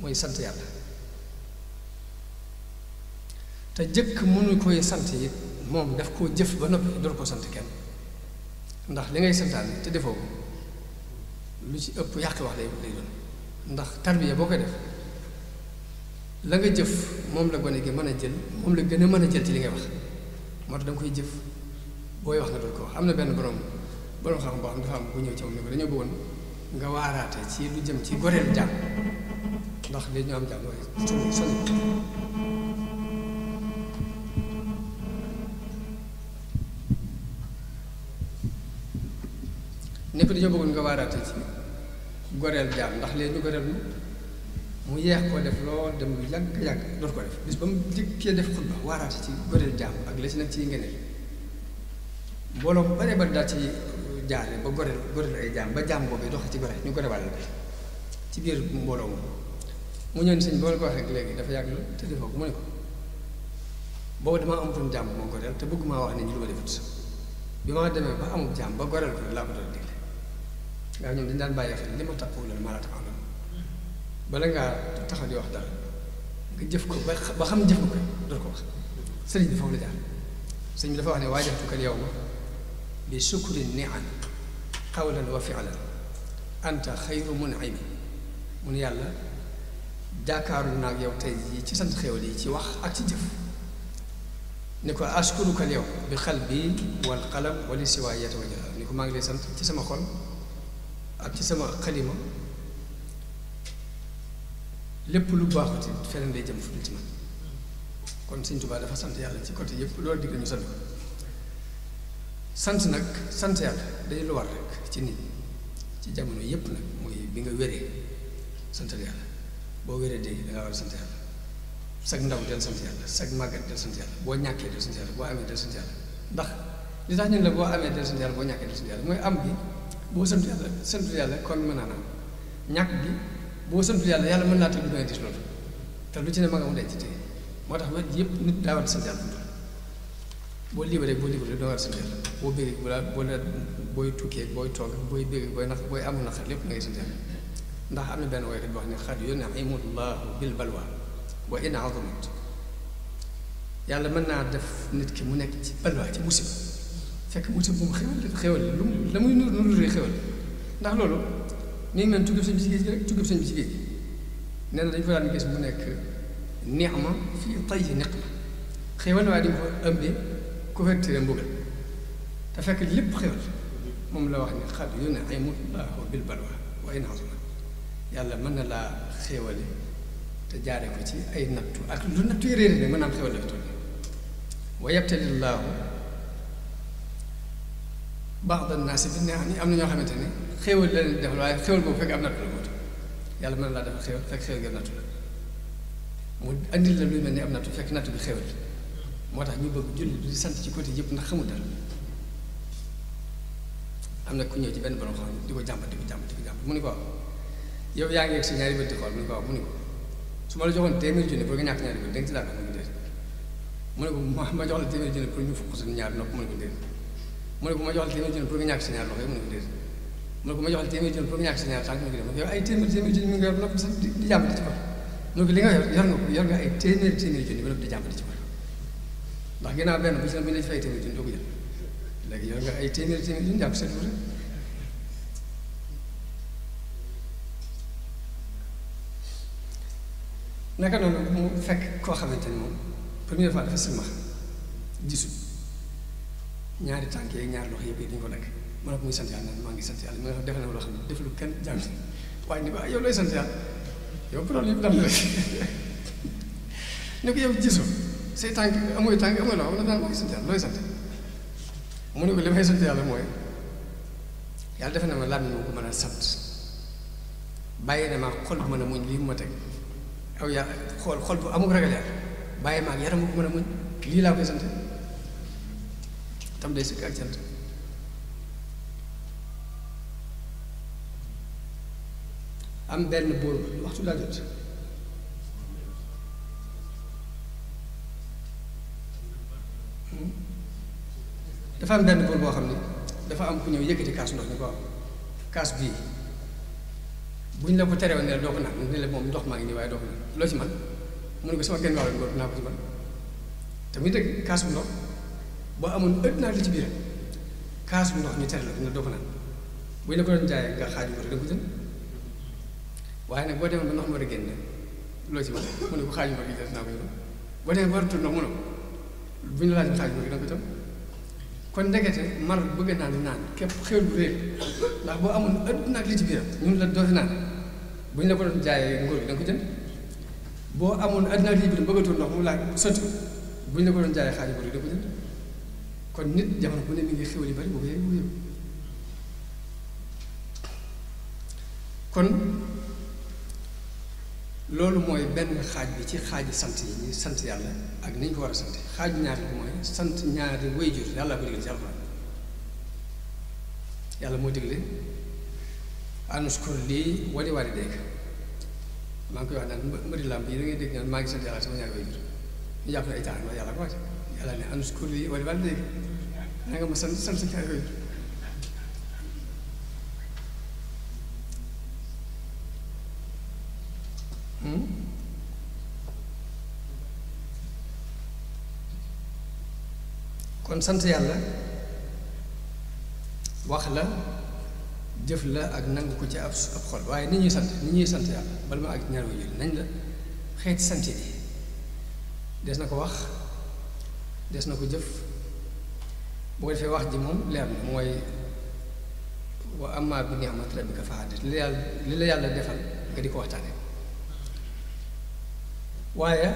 mooy sant yàlla te jëkk mënu koy sant yi moom daf koo jëf ba noppi door ko sant kenn ndax li ngay santaane te defoo lu ci ëpp yàq wax lay lay doon ndax tarbiya boo koy def la nga jëf moom la gone gi mën a jël moom la gën a mën a jël ci li ngay wax moo tax da koy jëf booy wax nga doon ko wax am na benn borom borom xam boo xam dafa am ku ñëw ci moom ne ko dañoo bëggoon nga waaraate ci lu jëm ci goreelu jàmm ndax li ñu am jàmm mooy solo ñëpp dañoo bëggoon nga waaraate ci goreel jaam ndax léegi ñu goreel mu yeex koo def lool dem lu yàgg yàgg dootu ko def bis ba mu dikkee def xutba waaraate ci goreel jaam ak la ci nag ci ngeneel mbooloo bare baree bari daal ci jaare ba goreel goreel ay jaam ba jaam boobee doxe ci gore ñu gore wàll ci biir mbooloo moom mu ñëw sëñ boo ko léegi dafa yàgg te defoo ko mu ne ko boobu damaa amatoon jaam moo goreel te bëgg maa wax nit ñi lu ma defut bi ma demee ba amul jaam ba goreel ko laa ko doon digle waaye ñoom dañu daan bàyyi xel li ma tàppoo la ma la taxaw la bala ngaa taxaw di wax dara nga jëf ko ba xam jëf ko ko door ko wax sëriñ bi dafa wax ne waajabtu kal yawma bi sukri ni'am qawlan wa fi'lan anta xayru mun'imi mun yàlla jaakaaru naa yow tey jii ci sant xéwal yi ci wax ak ci jëf ni ko askuruka yow bi xalbi wal qalam wa li siwaaya yatawajjaha ni ko maa ngi lay sant ci sama xol ak ci sama xalima lépp lu baaxuti feneen day jëm fu dul ci kon Sëñ Tuubaa dafa sant yàlla ci côté yëpp loolu digg ñu sant ko sant nag sant yàlla day lu war rek ci nit ci jamono yëpp nag mooy bi nga wéree santal yàlla boo wéree dégg da nga war sant yàlla sag ndaw dell sant yàlla sag màggat del sant yàlla boo ñàkkee del sant yàlla boo amee del sant ndax li tax ñu ne boo amee del sant boo ñàkkee del sant yàlla mooy am bi boo sant yàlla sant yàlla kon mën naa naan ñàkk gi boo sant yàlla yàlla mën naa tëdd ba nga gis loolu te lu ci ne ma nga mu denc moo tax wet yëpp nit daa war a yàlla boo libéré boo libéré doo war a sant boo bégee la boo la booy tukkee booy toog booy bégee booy nax booy amul naxar lépp ngay sant yàlla ndax am na benn woykat boo xam ne am yun'imullahu bil balwa wa in azamat yàlla mën naa def nit ki mu nekk ci balwa ci musiba fekk wuute moom xéwal la xéwal la mu la muy nur nur rek ndax loolu mi ngi mel tuggab sëñ bi si géej gi rek tuggab sëñ bi si géej dañ ko na dañu daan gis mu nekk neexma fii tay si neq ma xéwal waaye dañu ko ëmbee couverture mbugal te fekk lépp xéwal moom la wax ne xad yu ne ay mutlaahu bil balwa waaye naasuma yàlla mën na laa xéwale te jaare ko ci ay nattu ak lu nattu réer ne mën naa am xéwal la fi toll wa yabtali baax dan naa si bi neex ni am na ñoo xamante ne xéewal la leen def waaye xéewal boobu fekk am nattu la ko yàlla mën na laa def xéewal fekk xéewal gi am nattu la mu andil la luy mel fekk nattu bi xéewal moo tax ñu bëgg julli di sant ci côté yëpp ndax xamul dara na ku ñëw ci benn borom xam di ko jàmbat di ko jàmbat di mu ni ko yow yaa ngi si ñaari bët di xool mu ni ko mu ma joxoon téeméer junni pour nga ñàkk ñaari bët da nga ci laa ma jox la téeméer junni ñu fukk sa ñaari nopp mu ne ko déet mu ne ko ma jox la téeméer junni pour nga ñàkk sa ñaar loxo yi mu ne ko déet mu ne ko ma jox la téeméer junni pour nga ñàkk sa ñaar tànk mu ne ko déet yow ay téeméer téeméer junni mi nga yor noppi sax di jàmbati ci ko mu ne ko li nga yor yor nga ko yor nga ay téeméer téeméer junni ba noppi di jàmbati ci ko ndax ginnaaw benn bu ci ne bu ñu la fay téeméer junni doo ko jël léegi yor nga ay téeméer téeméer junni jàpp sa loxo naka noonu mu fekk koo xamante ni moom première fois dafa silmax gisul ñaari tànk yeeg ñaari loxo yëpp yi dañu ko nekk ma ne ko muy sant yàlla maa ngi sant na loo xam ne def lu kenn jàng waaye ni ko ah yow looy sant yàlla yow problème bi dal na ne ko yow gisoo say tànk amuy tànk loxo ma ne daal ah, maa ngi sant yàlla looy sant mu ne ko li may sant yàlla mooy yàlla defe na ma laaj ko mën a sant bàyyi na maa xol bu mën a muñ lii ma teg aw yaa xool xol bu amul ragal yàlla bàyyi ma ak yaram bu mën a muñ lii laa koy sant tam day sukk ak cant am benn buur waxtu laa jot dafa am benn buur boo xam ne dafa am ku ñëw yëkkati kaas ndox ni ko kaas bii buñ la ko terewoon ne doo ko naan ne moom ndox maa ngi nii waaye doo ko naan loo ci man mu ne ko sama genn wàll góor naa ko ci man te muy dëgg kaas bu ndox boo amoon ëpp naa ci biir kaas bu ndox ñu tere la ko nga la ko doon jaayee nga xaaju ma da ko jënd waaye nag boo demee ba ndox ma war loo ci mën mu ne ko xaaju ma naa ko yoroon a tur ñu laajee xaaju ma gi da ko tam kon ndekete mar bëgg naan naan képp xéwlu bu boo amoon ëpp naa ci biiram ñun la doo naan bu ñu la ko doon jaayee ngóor gi da ko jën boo amoon àddina ak lii bëgg a tuur ndox mu laaj sotti bu ñu la ko doon jaayee xaaju ngóor gi da ko jënd kon nit jamono bu ne mi ngi xéwal yu bari boobu yaay bu kon loolu mooy benn xaaj bi ci xaaji sant yi ñu sant yàlla ak ni ko war a sant xaaj ñaari bi mooy sant ñaari wayjur yàlla ko digle moo digle anuskor lii wali wali dégg maa ngi koy wax naan mëri lam bii da ngay dégg naan maa ngi sant yàlla sama ñaari wayjur ñu jàpp ne ay tax yàlla ko wàcce allah ne an sukkur lii wala wàllu léegi na kon sant yàlla wax la jëf la ak nangu ko ci ab xol waaye ni ñuy sant ni ñuy sant yàlla bala ma ak ñaar wa nañ la xeeti sant yi des na ko wax des na ko jëf boo defee wax ji moom leer na mooy wa amma bi ni'mati rabbika fa haddith li la yàlla li la yàlla defal nga di ko waxtaane waaye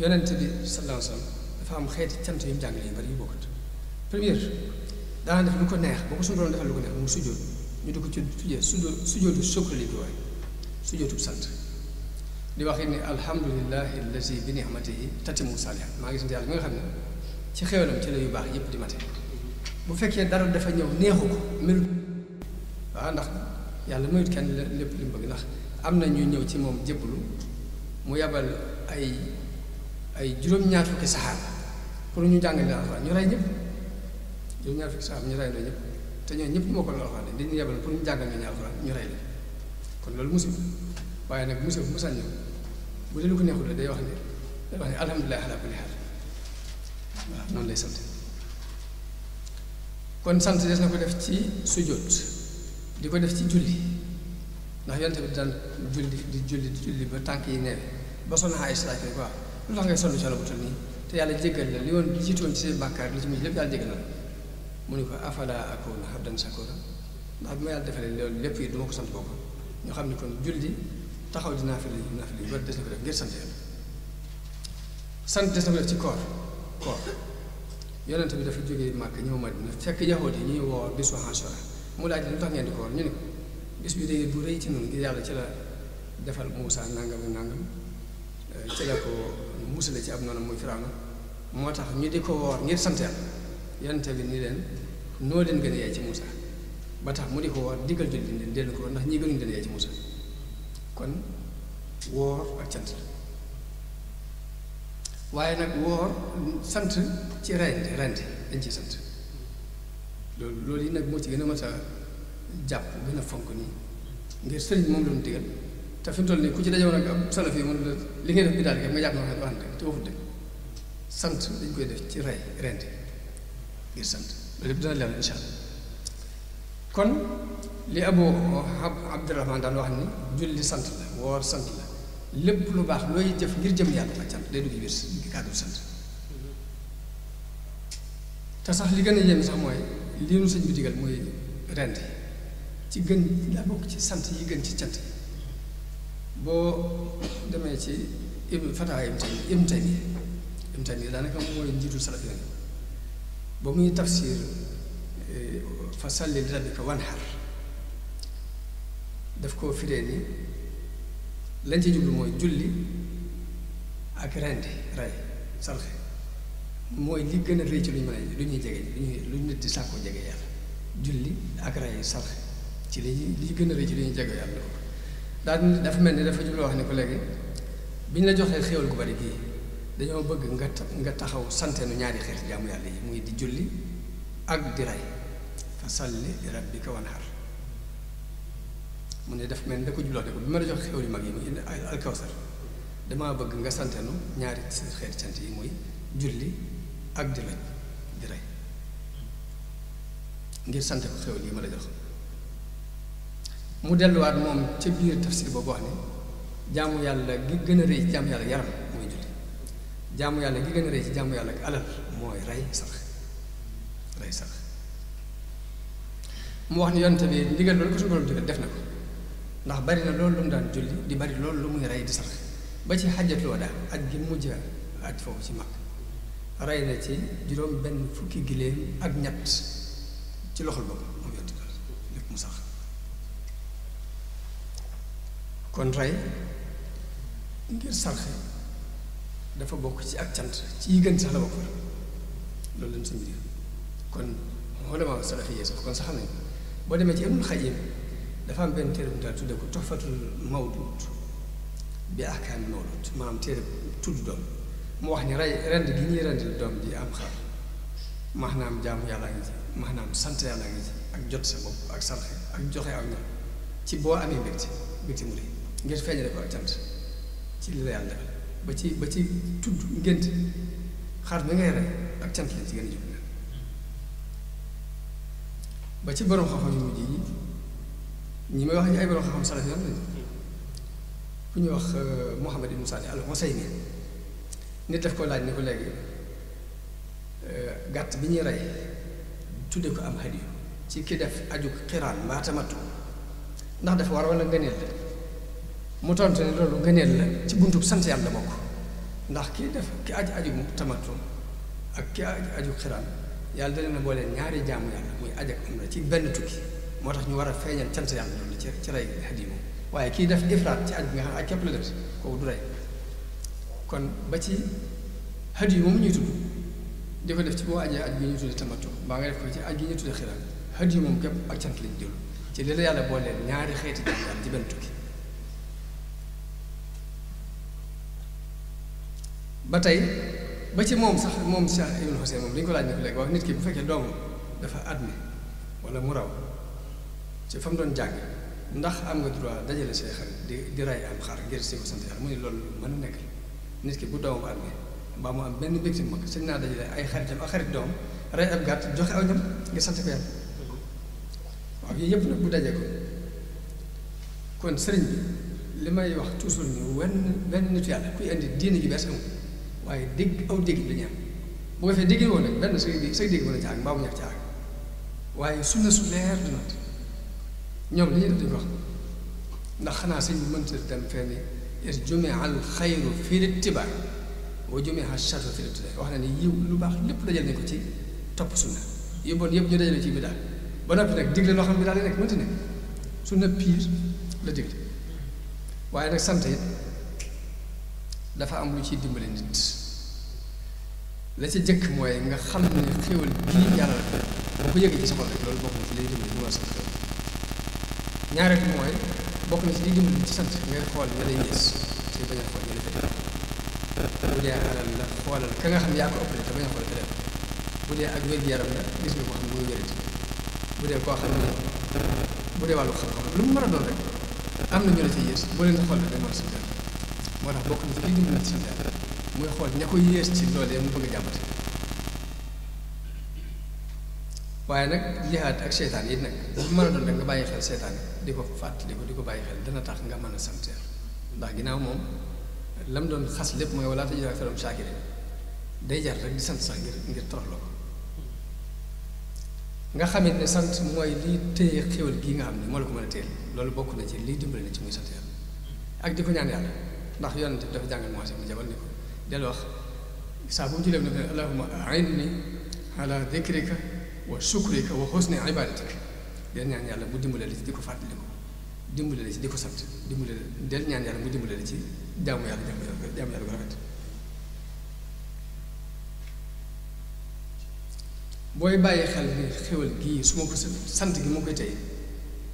yonent bi sallallahu alayhi wasallam dafa am xeeti cant yu mu jàngale yu bari yu bokkut première daana def lu ko neex boo ko suñu doon defal lu ko neex mu sujjóot ñu di ko ci tujjee sujjóot sujjóotu sukkur li di sujjóotu sant di wax ni alhamdulillahi allazi bi ni'matihi tatimu saalihaat maa ngi sant yàlla mi nga xam ne ci xéwalam ci la yu baax yépp di bu fekkee dara dafa ñëw neexu ko mel waaw ndax yàlla mayut kenn lépp li mu bëgg ndax am na ñuy ñëw ci moom jébbalu mu yabal ay ay juróom-ñaar fukki saxaar pour ñu jàngale alxuraan ñu rey ñëpp juróom-ñaar fukki saxaar ñu rey la ñëpp te ñoo ñëpp moo ko alxuraan dañ ñu yabal pour ñu jàngal ñu alxuraan ñu rey la kon loolu musib waaye nag musib musa ñëw bu dee lu ko neexul day wax ne day wax ne alhamdulilah ala kulli xaal waaw noonu lay sant kon sant des na ko def ci sujjóot ko def ci julli ndax yonte bi di julli di julli ba tànk yi neew ba sonn ay saak yi quoi lu tax ngay te yàlla jéggal la li woon jiitoon ci say ci mujj lépp yàlla mu ne ko afala akuna abdan shakura ndax bi ma yàlla defalee loolu lépp yi duma ñu xam ne kon julli taxaw di naafila yi naafila yi war des na ko def ngir sant yàlla sant des na ko def ci koor koor yonent bi dafa jógee màkk ñëw Madina fekk yahood yi ñuy woor bisu Ashura mu laaj lu tax ngeen di ko woor ñu ne ko bis bi day bu rëy ci noonu ngir yàlla ci la defal Muusa nangam nangam euh, ci la ko musale ci ab noonu muy Firawna moo tax ñu di ko woor ngir sant yàlla bi ni leen noo leen gën a yaay ci Muusa ba tax mu di ko woor diggal jullit leen dellu ko ndax ñi gënuñ leen yaay ci Muusa kon woor ak cant waaye nag woor sant ci rendi rendi dañ ci sant loolu loolu yi nag moo ci gën a mën jàpp gën a fonk nii ngir sëriñ moom la ñu te fi mu nii ku ci dajewoon ak ab salaf yi moom la li ngay def bi daal nga jàpp na waxante te waxut sant dañ koy def ci rey ngir sant loolu yëpp dina leer incha allah kon li abu abdurahman daan wax ni julli sant la woor sant la lépp lu baax looy jëf ngir jëm yàlla ak cant day dugg biir kàddu sant te sax li gën a yéem sax mooy li nu sëñ bi digal mooy rend ci gën la bokk ci sant yi gën ci cant boo demee ci im fatawa im taymi im taymi im taymi daanaka mooy njiitu salaf yoon ba muy tafsir eh, fa salli li rabbika wanhar daf koo firee ni lañ ci jublu mooy julli ak rendi rey sarxe mooy li gën a rëy ci lu lu ñuy jege lu ñuy lu nit di sàkkoo jege yàlla julli ak rey sarxe ci li lii gën a rëy ci lu ñuy jege yàlla loolu daal dafa mel ni dafa jubloo wax ne ko léegi bi ñu la joxee xéewal gu bari gii dañoo bëgg nga taxaw santeenu ñaari xeet jaamu yàlla yi muy di julli ak di rey fa salli li rabbika wanhar mu ne dafa mel ni da ma la jox xéewal yu mag damaa bëgg nga sante nu ñaari xeeti sant yi muy julli ak di loj di rey ngir sante ko xéwal yi ma la jox mu delluwaat moom ca biir tafsir boobu wax ne jaamu yàlla gi gën a rëy ci jaamu yàlla yaram mooy julli yàlla gi gën a ci jaamu yàlla ak alal mooy rey sax rey sax mu wax ni yonte bi ndigal loolu ko suñu borom def na ko ndax bari na loolu lu mu daan julli di bari loolu lu muy rey di sax ba ci xajatul wadaa aj gi mujj ak foofu ci mag rey na ci juróom benn fukki giléem ak ñett ci loxol boobu moom yonent bi lépp mu sax kon rey ngir sarxe dafa bokk ci ak cant ci yi gën sax la bokk loolu lañ sa mbir kon moo dama salafi yee sax kon sax xam nañ boo demee ci Ibnul Xayyim dafa am benn téere bu ñu tudde ko Tuhfatul Mawdud bi ak ahkaami mawlud maanaam téere tudd doom moo wax ni rey rend gi ñuy rendi doom ji am xar maanaam jaamu yàlla ngi ci sant yàlla ngi ci ak jot sa bopp ak sarxe ak joxe am na ci boo amee mbégte mbégte mu ne ngir feeñale ko ak cant ci li la yàlla ba ci ba ci tudd ngénte xar mi ngay rey ak cant lañ ci gën a jóg ba ci borom xam-xam yu mujj yi ñi may wax ñu ay borom xam-xam salaf yoon lañu ku ñuy wax euh, Mouhamed Ibn Sadi al Husayni nit daf ko laaj ne ko léegi euh, gàtt bi ñuy rey tudde ko am hadiyu ci ki def aju xiraan mbaa tamattu ndax dafa war walla ngëneel la mu tontu ne loolu ngëneel la ci buntub sant yàlla bokk ndax ki def ki aju aju tamattu ak ki aju xiraan yàlla dana na booleen ñaari jaamu yàlla muy aj ak umra ci benn tukki moo tax ñu war a feeñal cant yàlla ci ci rey hadiyu waaye kii def ifraat ci aj bi nga xam aj képp la def kooku du rey kon ba ci xët yi moom ñuy tudd di ko def ci boo ajee aj gi ñuy tuddee tamattu mbaa nga def ko ci aj gi ñuy tuddee xiraan xët yi moom képp ak cant lañ jël ci li la yàlla booleel ñaari xeeti jàmm ba tey ba moom sax moom Cheikh Ibn moom li ko laaj ne nit ki bu fekkee doomu dafa admis wala mu raw ci fa doon jàng ndax am nga droit dajale say xar di di ray am xar ngir si ko sant yàlla mu ne loolu mën a nekk nit ki bu doomam amee benn mbégte naa dajale ay xaritam ak xarit doom rey joxe aw ñam ngir sant ko yàlla waaw yëpp bu dajee sëriñ bi may wax toujours ni wenn benn nitu yàlla kuy indi diine ji waaye aw dégg bi la ñu am benn say say dégg mën a caag mbaa su ne su leer dina. ñoom li ñu def ko wax ndax xanaa si bi mënta dem fenn is jumia al xayru fii littibaar wa jumia al charru wax na ne yiw lu baax lépp dajal nañ ko ci topp sunna yëpp ñu dajale ci bidaa ba noppi nag digle loo xam bidaa lay nekk mënta nekk la digle waaye nag sant it dafa am lu ciy dimbale nit la ci jëkk mooy nga xam ne xéwal gii yàlla la boo ko yëgee ci sa rek loolu bokk na ci lay dimbale ñu war a sant ñaareel bi mooy bokk na ci li dimbali ci sant ngay xool ña lay yées te bañ a xool ña la xoolal ka nga xam yaa ko ëppale te bañ xool feneen bu dee ak wér-gu-yaram la gis nga koo xam ne mooy wérati bu dee koo xam ne bu dee lu mu mën a doon rek am na ñu la ci yées boo xool rek mën a sant yàlla moo tax bokk na ci li dimbali ci sant yàlla xool ña ko yées ci loolee mu bëgg a jàmbate waaye nag jihaad ak seetaan yi nag bu mën a doon rek nga bàyyi xel seytaan di ko fàttali ko di ko bàyyi xel dana tax nga mën a sant ndax ginnaaw moom lam doon xas lépp mooy walaata jihaad faram saakiri day jar rek di sant sax ngir ngir toroxloo ko nga ne sant mooy liy téye xéwal gii nga xam ne ko mën a téye loolu bokk na ci liy dimbale ci muy sant yàlla ak di ñaan yàlla ndax yonent bi dafa jàngal moo si mu jabal ni ko del wax saa bu mu jullee ne ko allahumma a'inni ala dhikrika wa shukrika wa husni ibadatik del ñaan yàlla mu dimbale la ci di ko fàttaliku dimbale la ci di ko sant dimbale la del ñaan yàlla mu dimbale la ci jaamu yàlla jaamu yàlla ko rafet booy bàyyi xel ni xéwal gii su ma ko sant gi moo koy tey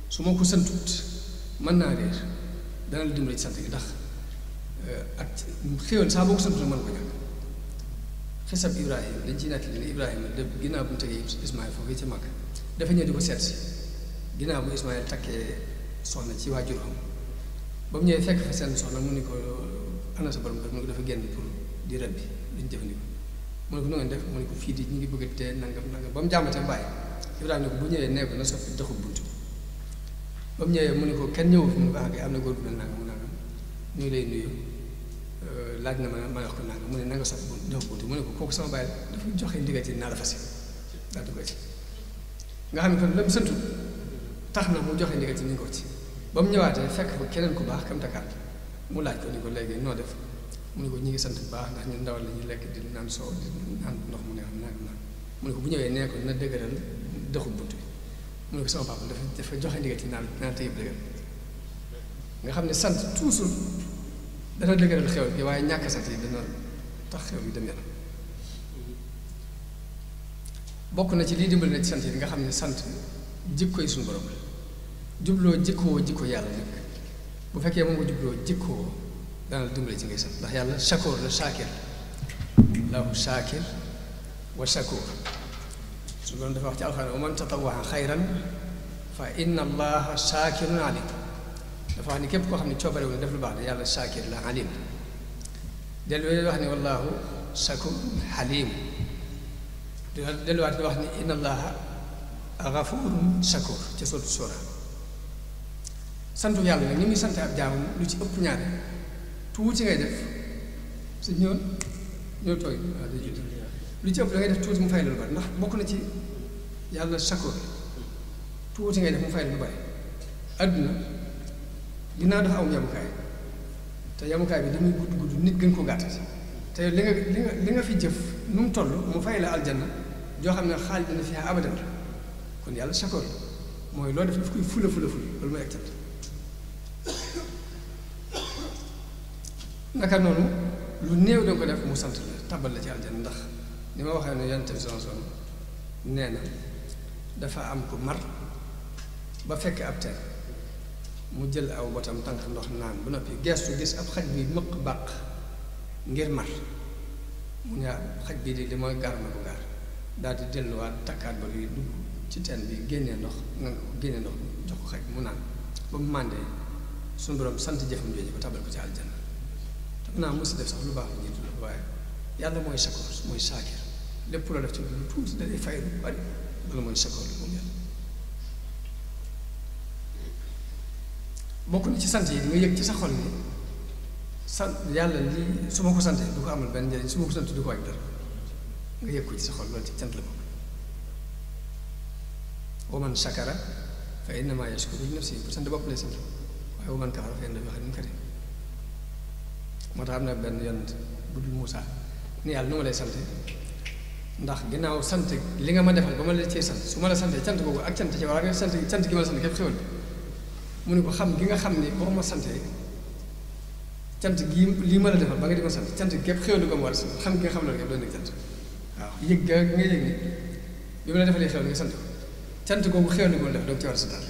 su ma ko santut mën naa réer dana la ci sant gi ndax euh, ak xéwal saa boo ko santut mën ko ñàkk xisab Ibrahima dañ ciy nettali ne Ibrahima de ginnaaw bu ñu tegee Ismaïl foofu ci mag dafa ñëw di ko seet si ginnaaw bu Ismaïl takkee soxna ci waajuram ba mu ñëwee fekk fa seen soxna mu ni ko ana sa borom kër mu ne ko dafa génn pour di rëbbi duñ jëfandikoo mu ne ko noonu def mu ne ko fii di ñu ngi bëgg te nangam nangam ba mu jàmbatee bàyyi Ibrahima ne ko bu ñëwee nekk ko na sa doxul buntu ba mu ñëwee mu ne ko kenn ñëwul fi mu baax am na góor bu laaj na ma ma wax ko naan mu ne na nga sax jox ko mu ne ko kooku sama bàyyi joxe ndigal naa la fas daa dugal nga xam ne lépp santu tax na mu joxe ndigal ni ko mu ñëwaatee fekk fa keneen ku baax kam mu laaj ko ko léegi noo def mu ne ko ñu ngi sant baax ndax ñun ndawal la ñuy lekk di naan soow di ndox mu neex naan naan ko bu ñëwee nee ko na dëgëral doxu bunt bi mu ne ko sama papa dafa dafa joxe ndigal ci naan naan tey dëgër nga xam ne sant toujours dana dëgëral xew bi waaye ñàkk sax yi dana tax na ci liy sant yi nga xam ne sant jikko yi suñu borom la jubloo jikkoo jikko yàlla nag bu fekkee moom nga jubloo jikkoo dana la ci ngay sant ndax yàlla shakoor la shaakir lahu shaakir wa shakoor suñu dafa wax ci alxuraan wa man tatawaa xayran fa inna allaha shaakirun alim dafa wax ni képp koo xam ne coobarewu def lu baax de yàlla saakir la alim delluwaat wax ni wallaahu sakum xalim delluwaat wax ni inna allaha gafurun shakur ca sootu sóora santu yàlla ni muy sant jaamam lu ci ëpp ñaare tuuti ngay def su ñëw ñëw tooy lu ci ëpp da def tuuti mu fay lu bari ndax bokk na ci yàlla shakur tuuti ngay def mu fay lu bari àdduna dinaa dafa am yamukaay te yamukaay bi dañuy gudd gudd nit gën ko gàttal te li nga li nga fi jëf nu mu toll mu fay la aljanna joo xam ne xaalis dina fi abadan kon yàlla sakoor mooy loolu def daf koy fula fula fula loolu naka noonu lu néew da ko def mu sant la tabal la ci aljanna ndax li ma waxee ne yonent bi sallallahu nee na dafa am ko mar ba fekk ab teen mu jël aw botam tànk ndox naan bu noppi geestu gis ab xaj bi mëq bàq ngir mar mu ne xaj bi di li mooy gaar bu gaar daal di delluwaat takkaat ba luy dugg ci teen bi génnee ndox nga génne ndox jox ko xaj mu naan ba mu màndee suñu sant jëfam jooju ba tabal ko ci aljanna te naa mu si def sax lu baax la jiitu waaye yàlla mooy sakoor mooy saakir lépp loo def ci lu tuuti da day fay lu bari loolu mooy sakoor bokk na ci sant yi nga yëg ci sa xol ni sant yàlla lii su ma ko sante du ko amal benn njëriñ su ma ko sante du ko wàññi dara nga yëg ko ci sa xol loolu ci cant la bokk waman shakara fa innama yashkuru li nafsihi bu tax am na benn yonent bu dul Moussa ni yàlla nu ma lay sant ndax ginnaaw sant li nga ma defal ba ma la cee sant su ma la santee cant googu ak cant ci war a sant cant gi ma la sant képp xéwal bi mu ne ko xam gi nga xam ne boo ma santee cant gii lii ma la defal ba nga di ko sant cant képp xéwlu ko mu war xam gi nga xam loolu yëpp doon na cant waaw yëg nga nga yëg ni bi ma la defalee xéwlu nga sant ko cant googu xéwlu ko def doog ci war a santaat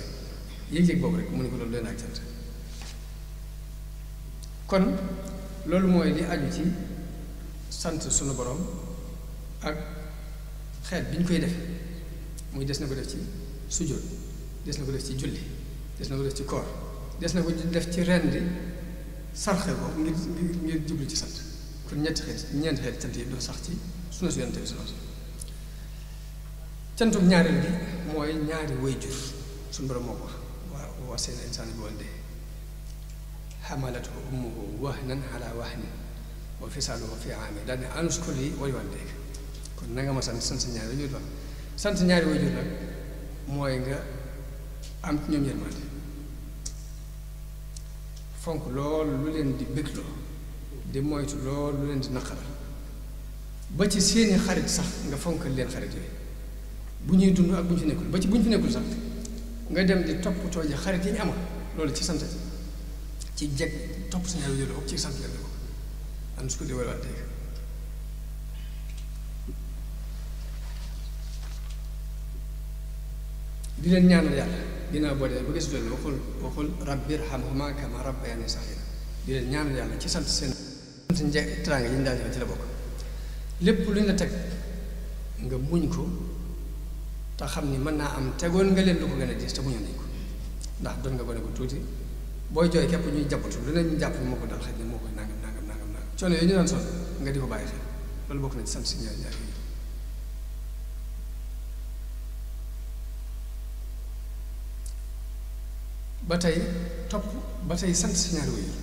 yëg-yëg boobu rek mu ne ko loolu doy na ak cant kon loolu mooy li aju ci sant sunu borom ak xeet bi ñu koy def muy des na ko def ci sujjóot des na ko def ci julli des na ko def ci koor des na ko def ci rendi sax ko ngir ngir jublu ci sant kon ñetti xeet sax ci suna su yonte bi sallallahu alayhi wasallam cantum ñaareel bi mooy ñaari wayjur suñu borom moo ko wax waa wasee na insaan bi walde xamalatu ummuhu wahnan ala wahnin wa fisaaluhu fi aami daal ne anuskul yi wali waldeek kon na nga ma sant sant ñaari wayjur la sant ñaari wayjur nag mooy nga am ci ñoom yërmande fonk lool lu leen di bégloo di moytu lool lu leen di naqara ba ci seeni xarit sax nga fonk leen xarit yooyu bu ñuy dund ak bu ñu fi nekkul ba ci bu ñu fi nekkul sax nga dem di toppatoo ji xarit yi ñu amoon loolu ci sant ci jeg topp sa ñaari yële ci sant leen ko am su ko di wala dégg di leen ñaanal yàlla. ginnaaw boo dee ba gis loolu waxul waxul rabbi irhamhumaa kamaa rabbayaanii saxiira di leen ñaan yàlla ci sant seen sant nje teraanga yi ñu daan defal ci la lépp lu la teg nga muñ ko te xam ni mën naa am tegoon nga leen lu ko gën a gis ndax doon nga gone ko tuuti booy jooy képp ne ñu jàpp moo ko dal xëy na moo ko nangam nangam nangam nangam coono yooyu ñu daan sonn nga di ko bàyyi xel loolu bokk na ci sant si ñaar ñaar ba tey topp ba tey sant si ñaari waajur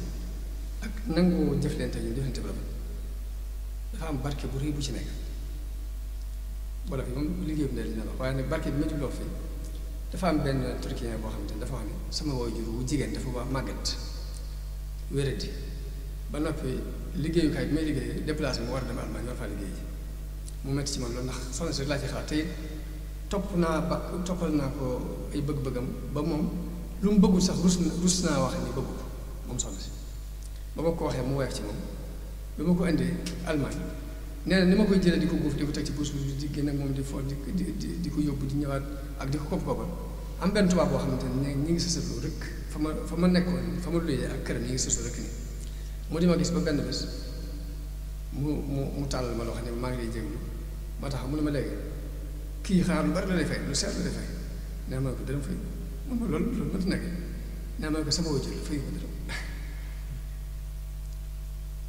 ak nangoo jëflante ñu jëflante ba dafa am barke bu rëy bu ci nekk wala fi moom liggéey bi ne bi ma dafa am benn turquien boo xam ne dafa sama waajur wu jigéen dafa baax màggat wéradi ba noppi liggéeyukaay bi may liggéey déplacé mu war a dem Allemagne war faa liggéey ji mu metti ci man loolu ndax soxna si laa ci xalaat te topp naa ba toppal naa ko ay bëgg-bëggam ba moom lu mu bëggul sax rus na rus naa wax ni bëggu ko moom soxna si ba ma ko waxee mu weex ci moom bi ma ko indee Allemagne nee na ni ma koy jëlee di ko guuf di ko teg ci buus bi di génn ak moom di fo di di di ko yóbbu di ñëwaat ak di ko kopp koppal am benn tubaab boo xamante ne ñi ngi sësaloo rek fa ma fa ma nekkoon fa ma ak këram ñi ngi sësaloo rek nii mu di ma gis ba benn bés mu mu mu ma loo xam ne maa ngi lay jégalu ma tax mu ne ma léegi kii xaar lu bari la lay fay lu seet la lay fay nee ma ko dërëm fay. moom loolu loolu mënut nekk nee ma ko sama wajur la fay ko dara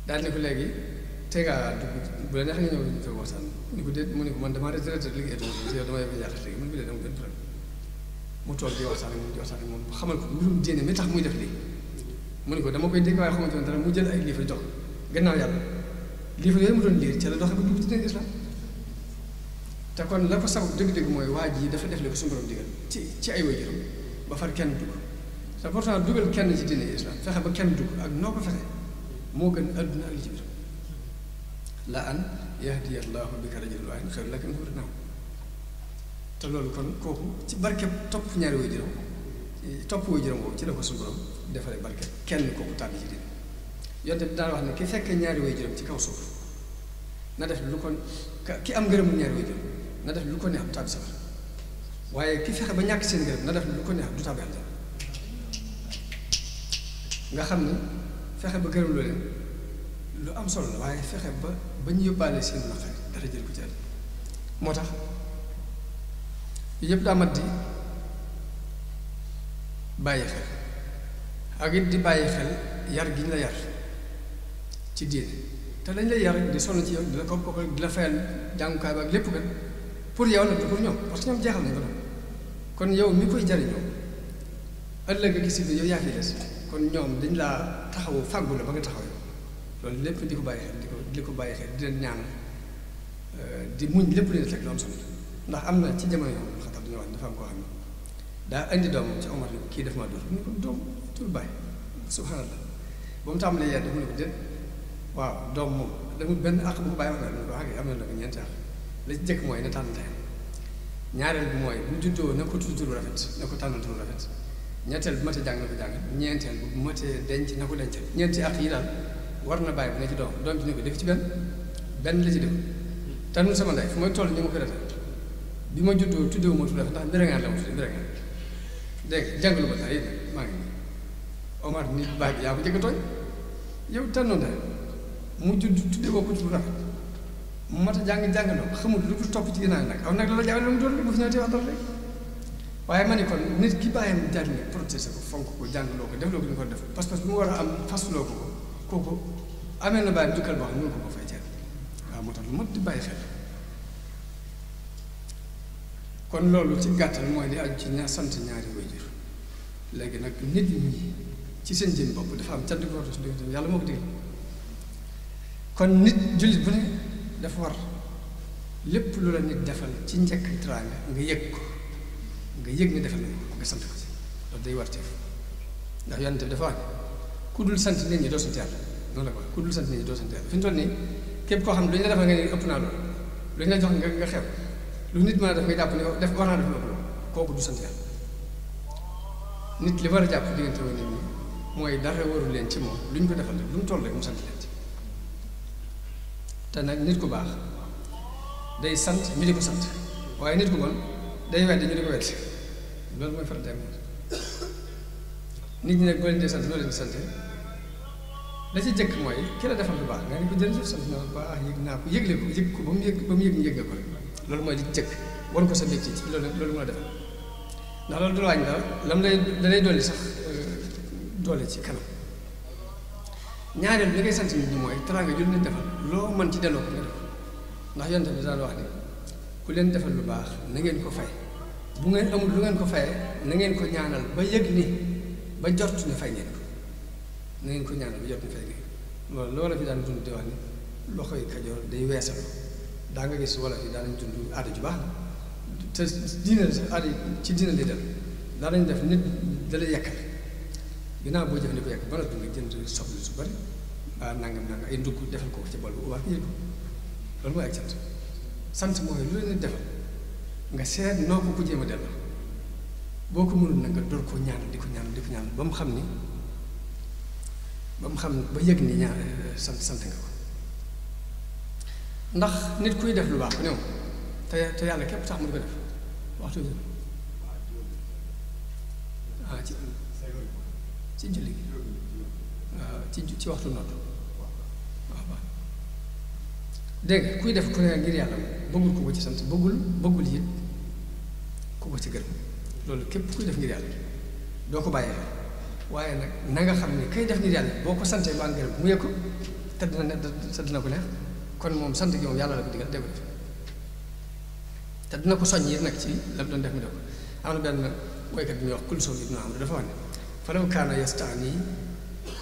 daal ne ko léegi te nga dugg bu la neexee nga ñëw ñu toog mu ne ko déet mu ne ko man damaa retraité liggéey ci yow dama yëg ñaata léegi man bi toog di waxtaan xamal ko mbirum diine tax muy def lii mu ne ko dama koy dégg xamante ne dara mu jël ay livre jox gannaaw yàlla livre yooyu mu doon liir ca la doxe ba dugg ci dina islam te kon la ko sabab dëgg-dëgg mooy waa yi dafa def li ko suñu borom digal ci ci ay waajuram ba far kenn dugg te pourtant dugal kenn ci diine islam fexe ba kenn dugg ak noo ko fexe moo gën àdduna ak li ci biir la an yahdiya allahu bika rajulan waahidan xayrun laka min humurin naam te loolu kon kooku ci barke topp ñaari way juróom topp way juróom boobu ci la ko suñu defaree barke kenn kooku tànn ci diine yonte bi daal wax ne ki fekk ñaari way juróom ci kaw suuf na def lu ko ki am ngërëmu ñaari way juróom na def lu ko ne am tàbbi safara waaye ki fexe ba ñàkk seen ngërëm na def lu ko neex du tàbbi àjjana nga xam ne fexe ba gërëm lu lu am solo la waaye fexe ba ba ñu yóbbaale seen naqar dara jël ko ci moo tax yëpp daa mat di bàyyi xel ak it di bàyyi xel yar gi ñu la yar ci diine te dañ lay yar di solo ci yow di la ko ko di la fayal jàngukaay ba ak lépp kat pour yow na du pour ñoom parce que ñoom jeexal nañ ko kon yow mi koy jariñoo ëllëg a gis yow yaa fi des kon ñoom dañ laa taxawu fàggu la ba nga taxaw yow loolu lépp di ko bàyyi xel di ko di bàyyi xel di leen ñaan euh, di muñ lépp lu ne fekk loolu sonn ndax am na ci jamono yoo xam am koo daa indi doomam ci Omar kii def maa dóor mu ne ko doom tur bàyyi subhanallah ba mu tàmbalee yar dafa ne ko déet waaw doom moom dafa benn àq bu ko bàyyi wax ne ko ah am na nag la ci jëkk mooy na tànn tey ñaareel bi mooy bu juddoo na ko tudd turu rafet na ko tànnal turu rafet ñetteel bu matee jàng na ko jàngal ñeenteel bu matee denc na ko dencal ñeenti ak yi daal war na bàyyi bu na ci doom doom ci ne ko def ci benn benn la ci dem tànnul sama ndey fu may toll ñu ma ko defal bi ma juddoo tuddee wu ma tudd rafet ndax birangaan la ma tudd birangaan dégg nga jàngalu ba tax yéen maa ngi Omar nit bàyyi bi yaa ko jëkk tooñ yow tànnoon mu judd tuddee woo ko turu rafet moo tax jàng jàngaloo xamul lu dul topp ci ginnaaw nag aw nag loolu jàng lu waaye ma ne kon nit ki bàyyam jàng protéger ko fonk ko jàngaloo ko defloo def parce que bu mu war a am fasuloo ko kooku amee na bàyyi jukkal boo xam ko ko fay jël lu mat di bàyyi xel loolu ci gàttal mooy di aju ci ñaar sant ñaari waajur léegi nag nit ñi ci seen jën bopp dafa am cadde gortos di yàlla moo ko digal kon nit jullit bu ne dafa war lépp lu la nit defal ci njëkk teraanga nga yëg ko nga yëg ne defal nga sant ko ci loolu day war teef ndax yonent bi sant nit ñi doo sant yàlla noonu ku sant nit ñi doo nii képp koo xam ne lu ñu la defal nga ne ëpp naa loolu lu ñu la jox nga nga xew lu nit mën a def nga jàpp ne def war naa def loolu kooku du sant yàlla nit li war a jàpp diggante woon nit mooy dara warul leen ci moom lu ñu ko defal lu mu toll rek mu sant leen te nag nit ku baax day sant ñu di ko sant waaye nit ko bon day weddi ñu di ko weddi loolu mooy farata am nit ñi nag boo leen sant loolu leen di sant jëkk mooy ki la defal lu baax nga ne ko jërëjëf sant naa bu baax yëg naa ko yëgle ko yëg ko ba mu yëg ba mu ñu yëg nga ko loolu mooy di jëkk wan ko sa mbég loolu loolu mu la defal ndax loolu du la wàññi dara lam lay da lay sax euh, doole ci kanam ñaareel li ngay sant nit ñi mooy teraanga ju leen defal loo man ci delloo ko nga def ndax yonte bi daal wax ne ku leen defal lu baax na ngeen ko fay bu ngeen amul lu ngeen ko fayee na ngeen ko ñaanal ba yëg ni ba jot ni fay ngeen ko na ngeen ko ñaanal jot ni loolu loola fi daan dund di wax ni loxoy kajoor day weesal daa nga gis wala fi daanañ dund aada ju baax te diine sax aada ci diine lay def daanañ def nit da lay yekkal ginnaaw boo jëfandikoo yekk ba noppi nga jënd soble su bari waa ah, nangam nangam ay ndugg defal ko ci bool bi waa yëngu loolu mooy ak sant sant mooy lu leen defal nga seet noo ko ku jéem a delloo ko mënul nag ko ñaan di ko ñaan ñaan ba mu xam ni ba mu xam ba yëg ni ñaan eh, sant sant nga ko ndax nit kuy def lu baax ku new te te yàlla képp tax mu di ko def waxtu bi ah, ah, waxtu nodd dégg kuy def ku ne ngir yàlla bëggul ku ko ci sant bëggul bëggul it ku ko ci gërëm loolu képp kuy def ngir yàlla doo ko bàyyi waaye nag na nga xam ne kay def ngir yàlla boo ko santee ba ngërëm mu ko te dina ne te dina ko neex kon moom sant gi yàlla la ko digal dégg def te dina ko soññ it nag ci la mu doon def mu def ko am na benn woykat bi ñuy wax kul sow ibnu amr dafa wax ne falaw kaana yastaani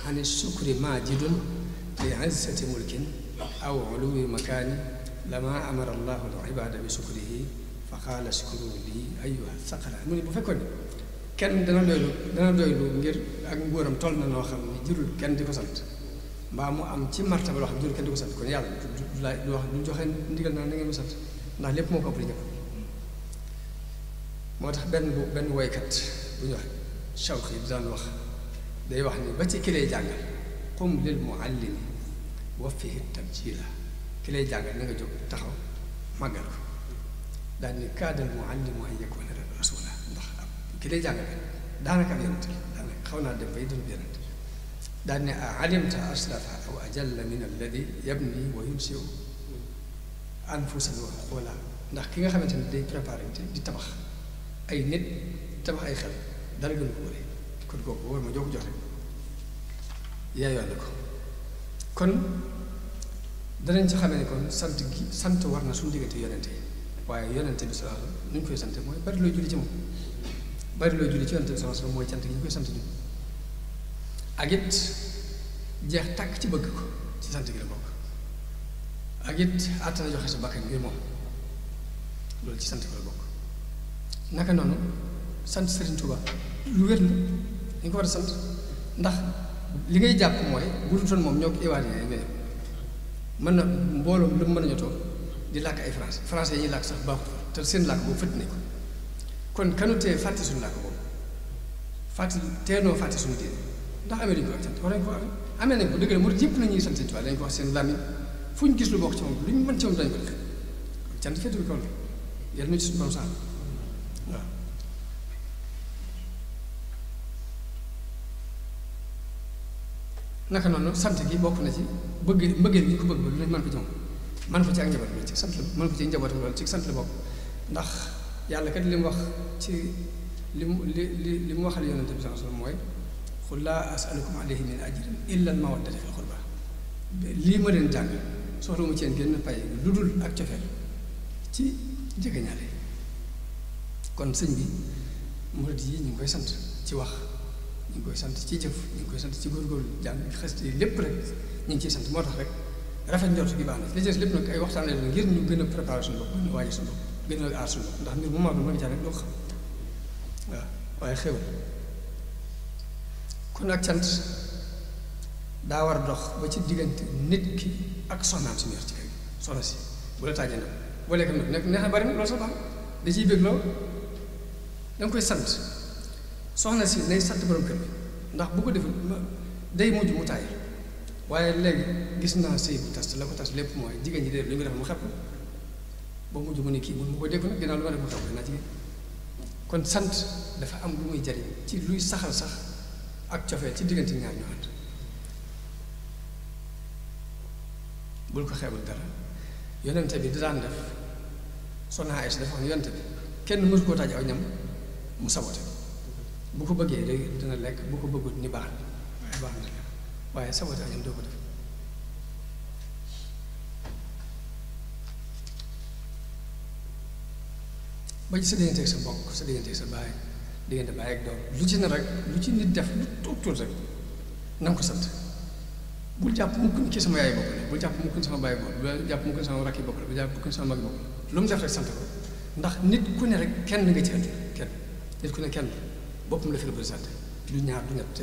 ani sukri maajidun li izzati mulkin aw uluwi makaani lama amara allahu al ibaada bi sukrihi fa qaala skuru lii ayuha saqala mu ne bu fekkoon ne kenn dana doylu dana doylu ngir ak nguuram toll na noo xam ne jurul kenn di ko sant mbaa mu am ci martaba loo xam ne jurul kenn di ko sant kon yàlla du wax du joxe ndigal naa na ngeen mu sant ndax lépp moo ko ëpp li moo tax benn bu benn woykat bu ñu wax Shawqi daan wax day wax ni ba ci kilee jàngal qum lil muallimi wa fihi tabjila ki lay jàngal na nga jóg taxaw màggal ko daal ni kaadal mu àllimu an yakuna rasula ndax ki lay jàngal daanaka am yonent daanaka xaw naa dem bay dund yonent daal ne a alimta aslafa aw ajalla min alladi yabni wa yunsiu anfusan wa ndax ki nga xamante ne day préparé di tabax ay nit ay xel dara gën ko war ma jox ko jox rek yaayoon ko kon danañ ci xamee ne kon sant gi sant war na suñu diggante yonente yi waaye yonente bi sallallahu alayhi koy sante mooy bari looy julli ci moom bari looy julli ci yonente bi sallallahu alayhi wasallam mooy cant gi ñu koy ci bëgg sant gi bokk ak it àttana joxe sa bakkan ngir moom loolu ci sant gi la bokk naka noonu sant Serigne Touba lu wér la dañ ko war a sant ndax li ngay jàpp mooy bu dul moom ñoo ko évalué mais mën na mbooloo lu mën a ñotoo di làkk ay france français yi làkk sax baaxut te seen làkk boobu fët nañ ko kon kanu tee fàtte suñu làkk boobu fàtte teenoo fàtte suñu diine ndax amee dañu ko sant war nañ ko amee nañ ko dëgg la mu yëpp la ñuy sant Sëñ Tuubaa dañ ko wax seen làmmiñ fu ñu gis lu bokk ci moom lu ñu mën ci moom dañ ko def cant féetul kaw la yàlla na ci suñu borom sax waaw naka noonu sant gi bokk na ci bëgg mbëggeel gi ko bëgg lu ne mën ko ci moom ko ci ak njaboot bi ci sant la mën ko ci njabootam loolu ci sant ndax yàlla kat li wax ci li mu li li mu waxal yonente mooy qul laa asalukum alayhi min ajrin illa al mawaddata fil lii ma leen jàng soxla mu ci yéen génn pay lu dul ak cofeel ci jegeñaale kon sëñ bi murid yi ñu koy sant ci wax ñu koy sant ci jëf ñu ngi koy sant ci góorgóorlu jàng xest yi lépp rek ñu ngi ciy sant moo tax rek rafet njort gi baax na li ci des lépp nag ay waxtaan la ngir ñu gën a préparé suñu bopp gën a a aar suñu bopp ndax mbir mu mag xew kon ak cant daa war a dox ba ci diggante nit ki ak soxnaam si ñor ci kër gi soxna si bu la tàjjee nag boo lekk nag nekk neex na bari na loolu sax baax da ciy bëgg lool koy sant soxna si nay sant borom kër bi ndax bu ko defee day mujj mu taay waaye léegi gis naa sëy bu tas la ko tas lépp mooy jigéen ñi de lu ñu ko def mu xepp ba mujj mu ne kii mu ko dégg nag ginnaaw lu ma def kon sant dafa am lu muy jariñ ci luy saxal sax ak cofee ci diggante ñaar ñu ànd bul ko xeebal dara yonente bi daan def soxna Aysa dafa xam yonente bi kenn mësu koo taaj ak ñam mu sabote bu ko bëggee léegi dina lekk bu ko bëggut ni baax na baax na waaye sabote añam doo ko def ba ci sa digganteeg sa mbokk sa digganteeg sa baay diggante baay ak doom lu ci ne rek lu ci nit def lu tuut tuut rek na nga ko sant bul jàpp mukk ci sama yaay bopp la bul jàpp mukk ci sama baay bopp jàpp mukk ci sama rakki bopp la bul jàpp mukk ci sama mag bopp lu mu def rek sant ko ndax nit ku ne rek kenn nga ci ëtt kenn nit ku ne kenn boppam la fi représenté du ñaar du ñett te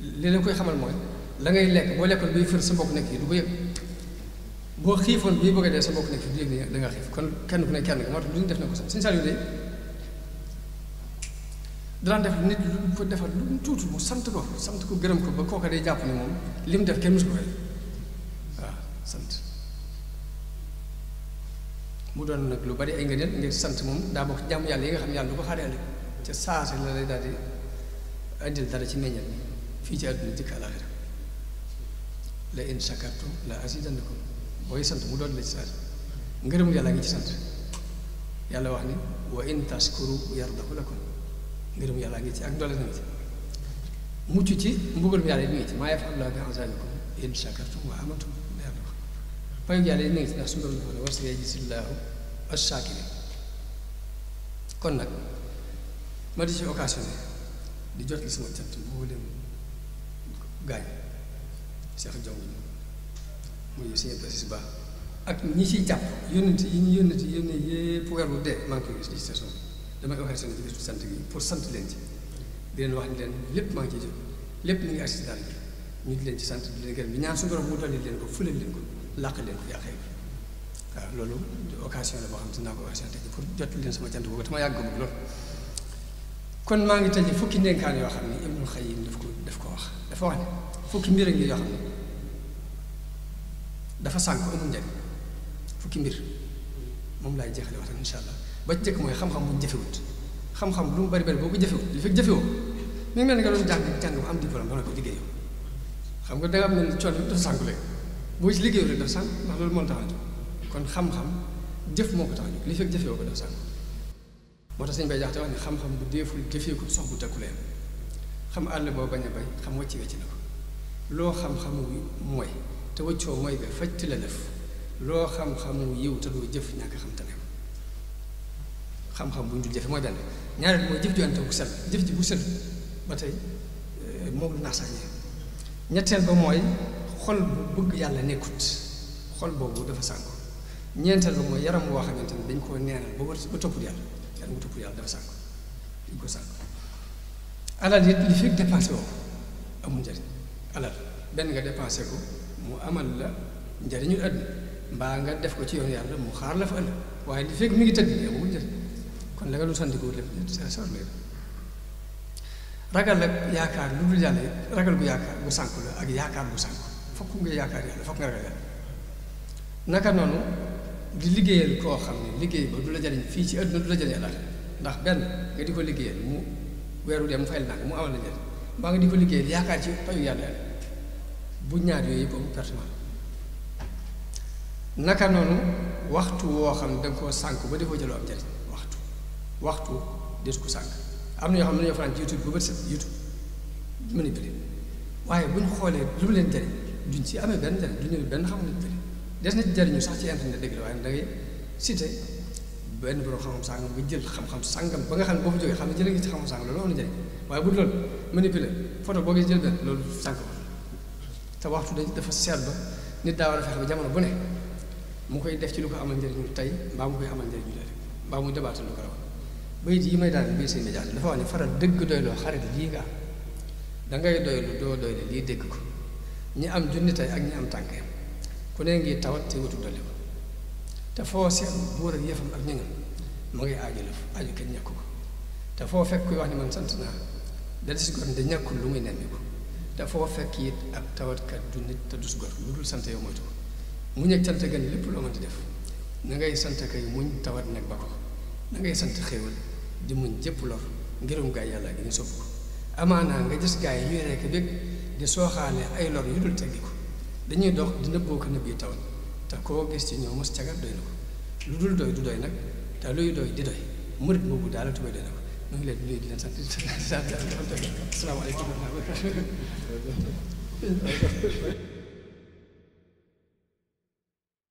li leen koy xamal mooy la ngay lekk boo lekkoon bay fër sa mbokk nekk yi du ko yëg boo xiifoon bii bëgg a dee sa mbokk nekk yi du yëg ne xiif kon kenn ku ne kenn moo tax lu def na ko sax saal yu dee danaan ko defal lu mu tuuti sant ko sant ko gërëm ko ba kooka day jàpp moom li mu def kenn musu ko fay waaw sant mu doon nag lu bari ay nga neen ngir sant moom daa bokk jàmm yàlla yi nga xam yàlla du ko xaaree ca saasi la lay daal di indil ci meññal bi fii ci àdduna jëkk àlaxira la in shakartum la azidannakum booy sant mu doon la ci saasi ngërëm yàlla ngi ci sant yàlla wax ni wa in tashkuru yardahu lakum ngërëm yàlla ngi ci ak doole na ngi ci mucc ci mbugalum yàlla yi ngi ci maa yaf'alu llaahu bi azabikum in shakartum wa amantum la yàlla wax payu ngi ci ndax su war sa yajzillaahu ash-shaakiriin kon nag ma di ci occasionné di jot li sama cant mboolem gaañ Cheikh Jong muy sëñ Basis Ba ak ñi ciy jàpp yónnati yi ñu yónnati yónne yëpp weer wu dee maa ngi koy gis ci damay occasionné sant gi pour sant leen ci di leen leen lépp maa ngi ciy jot lépp mi ngi agsi daal leen ci sant di leen gërëm bi ñaan suñu borom mu dolli leen ko fulal leen ko làq leen ko yàqee ko waaw loolu occasion sama cant boobu dama yàgg ko loolu kon maa ngi tëje fukki ndénkaan yoo xam ne Ibnul Qayyim daf ko daf ko wax dafa wax ne fukki mbir a ngi yoo xam ne dafa sànk amul njariñ fukki moom laay jeexale waxtaan insha allah ba ci njëkk mooy xam-xam bu jëfewut xam-xam lu mu bari bari boo ko jëfewut li fekk jëfewoo mi ngi mel ne nga doon jàng jàng ba am diplôme dana ko liggéeyoo xam nga danga am ne coon bi dafa sànk léegi boo ci liggéeyoo rek dafa sànk ndax loolu moo tax a jóg kon xam-xam jëf moo ko tax a jóg li fekk jëfewoo ko dafa sànk moo tax sëñ bay jaxte wax ne xam-xam bu deeful defeekul sax bu takku leen xam àll boo bañ a bay xam wàcc ci na ko loo xam-xamu mooy te wëccoo mooy ga la def loo xam-xamu yiw te doo jëf ñàkk xam te ne xam-xam bu ñu dul jëfe mooy benn ñaareel mooy jëf ju ante bu sell jëf ji bu sell ba tey euh, moom naasaañe ñetteel ba mooy xol bu bëgg yàlla nekkut xol boobu dafa sànko ñeenteel ba mooy yaram woo xamante ne dañ koo neenal ba war ba toppul yàlla mu tupp yàlla dafa sànk ko sànk alal it li fekk dépensé nga dépensé ko mu amal la njariñu àdduna mbaa nga def ko ci yoon yàlla mu xaar la fa waaye li fekk mi ngi tëdd amul kon la lu sandiko lépp sor lépp ragal ak yaakaar lu dul ragal gu yaakaar gu sànk la ak yaakaar gu sànk fokk nga yaakaar yàlla fokk nga ragal yàlla naka noonu di liggéeyal koo xam ne liggéey ba du la jariñ fii ci àdduna du la jariñ àllaaxira ndax benn nga di ko liggéeyal mu weeru dem mu fayal nag mu amal la njëriñ di ko liggéeyal yaakaar ci payu bu ñaar yooyu yëpp amul perte noonu waxtu woo xam ne da nga koo ba defoo jëloo am njëriñ waxtu waxtu ko sànq am na ñoo xam ne dañoo fanaan ci YouTube ba bët set YouTube manipulé waaye ñu xoolee lu mu leen jëriñ duñ si amee benn njëriñ duñu benn xam ne des na ci jariñu sax ci internet dëgg la waaye da site benn borom xam-xam sàngam nga jël xam-xam sàngam ba nga xam ne boo fa jógee xam ne jëlee nga ci xam-xam sàngam loolu am na njëriñ waaye bu boo koy jël loolu sànq ko te waxtu dañ dafa seet ba nit daa war ba jamono bu ne koy def ci lu ko amal njëriñu tey mbaa mu koy amal njëriñu léegi mbaa mu débattal lu ko raw yi may daal biir seen média dafa wax ne faral dëgg doyloo xarit lii nga am da ngay doylu doo doyle lii dégg ko ñi am junni tey ak ñi am tànk ku ne ngi tawat te wutu dolli ko te foo seet buur ak yëfam ak ñëngam mu ngi aaju la aaju kenn ñàkk ko te foo fekk kuy wax ni man sant naa dal si gor te ñàkkul lu muy nemmi ko te foo fekk it ak tawatkat du nit te dus gor lu dul sant yow moytu ko muñ ak cant gën lépp loo mënti def na ngay sant kay muñ tawat nag ba ko na ngay sant xéewal di muñ jëpp lor ngirum gaay yàlla gi ñu sopp ko amaanaa nga gis gaay ñuy rekk bég di sooxaale ay lor yu dañuy dox di nëbboo ko nëbb yi taw te koo gis ci ñoom mos cagar doy na ko lu dul doy du doy nag te luy doy di doy murit boobu daal la tubay doy na ko mu ngi leen di nuyu di leen sant di leen sant asalaamaaleykum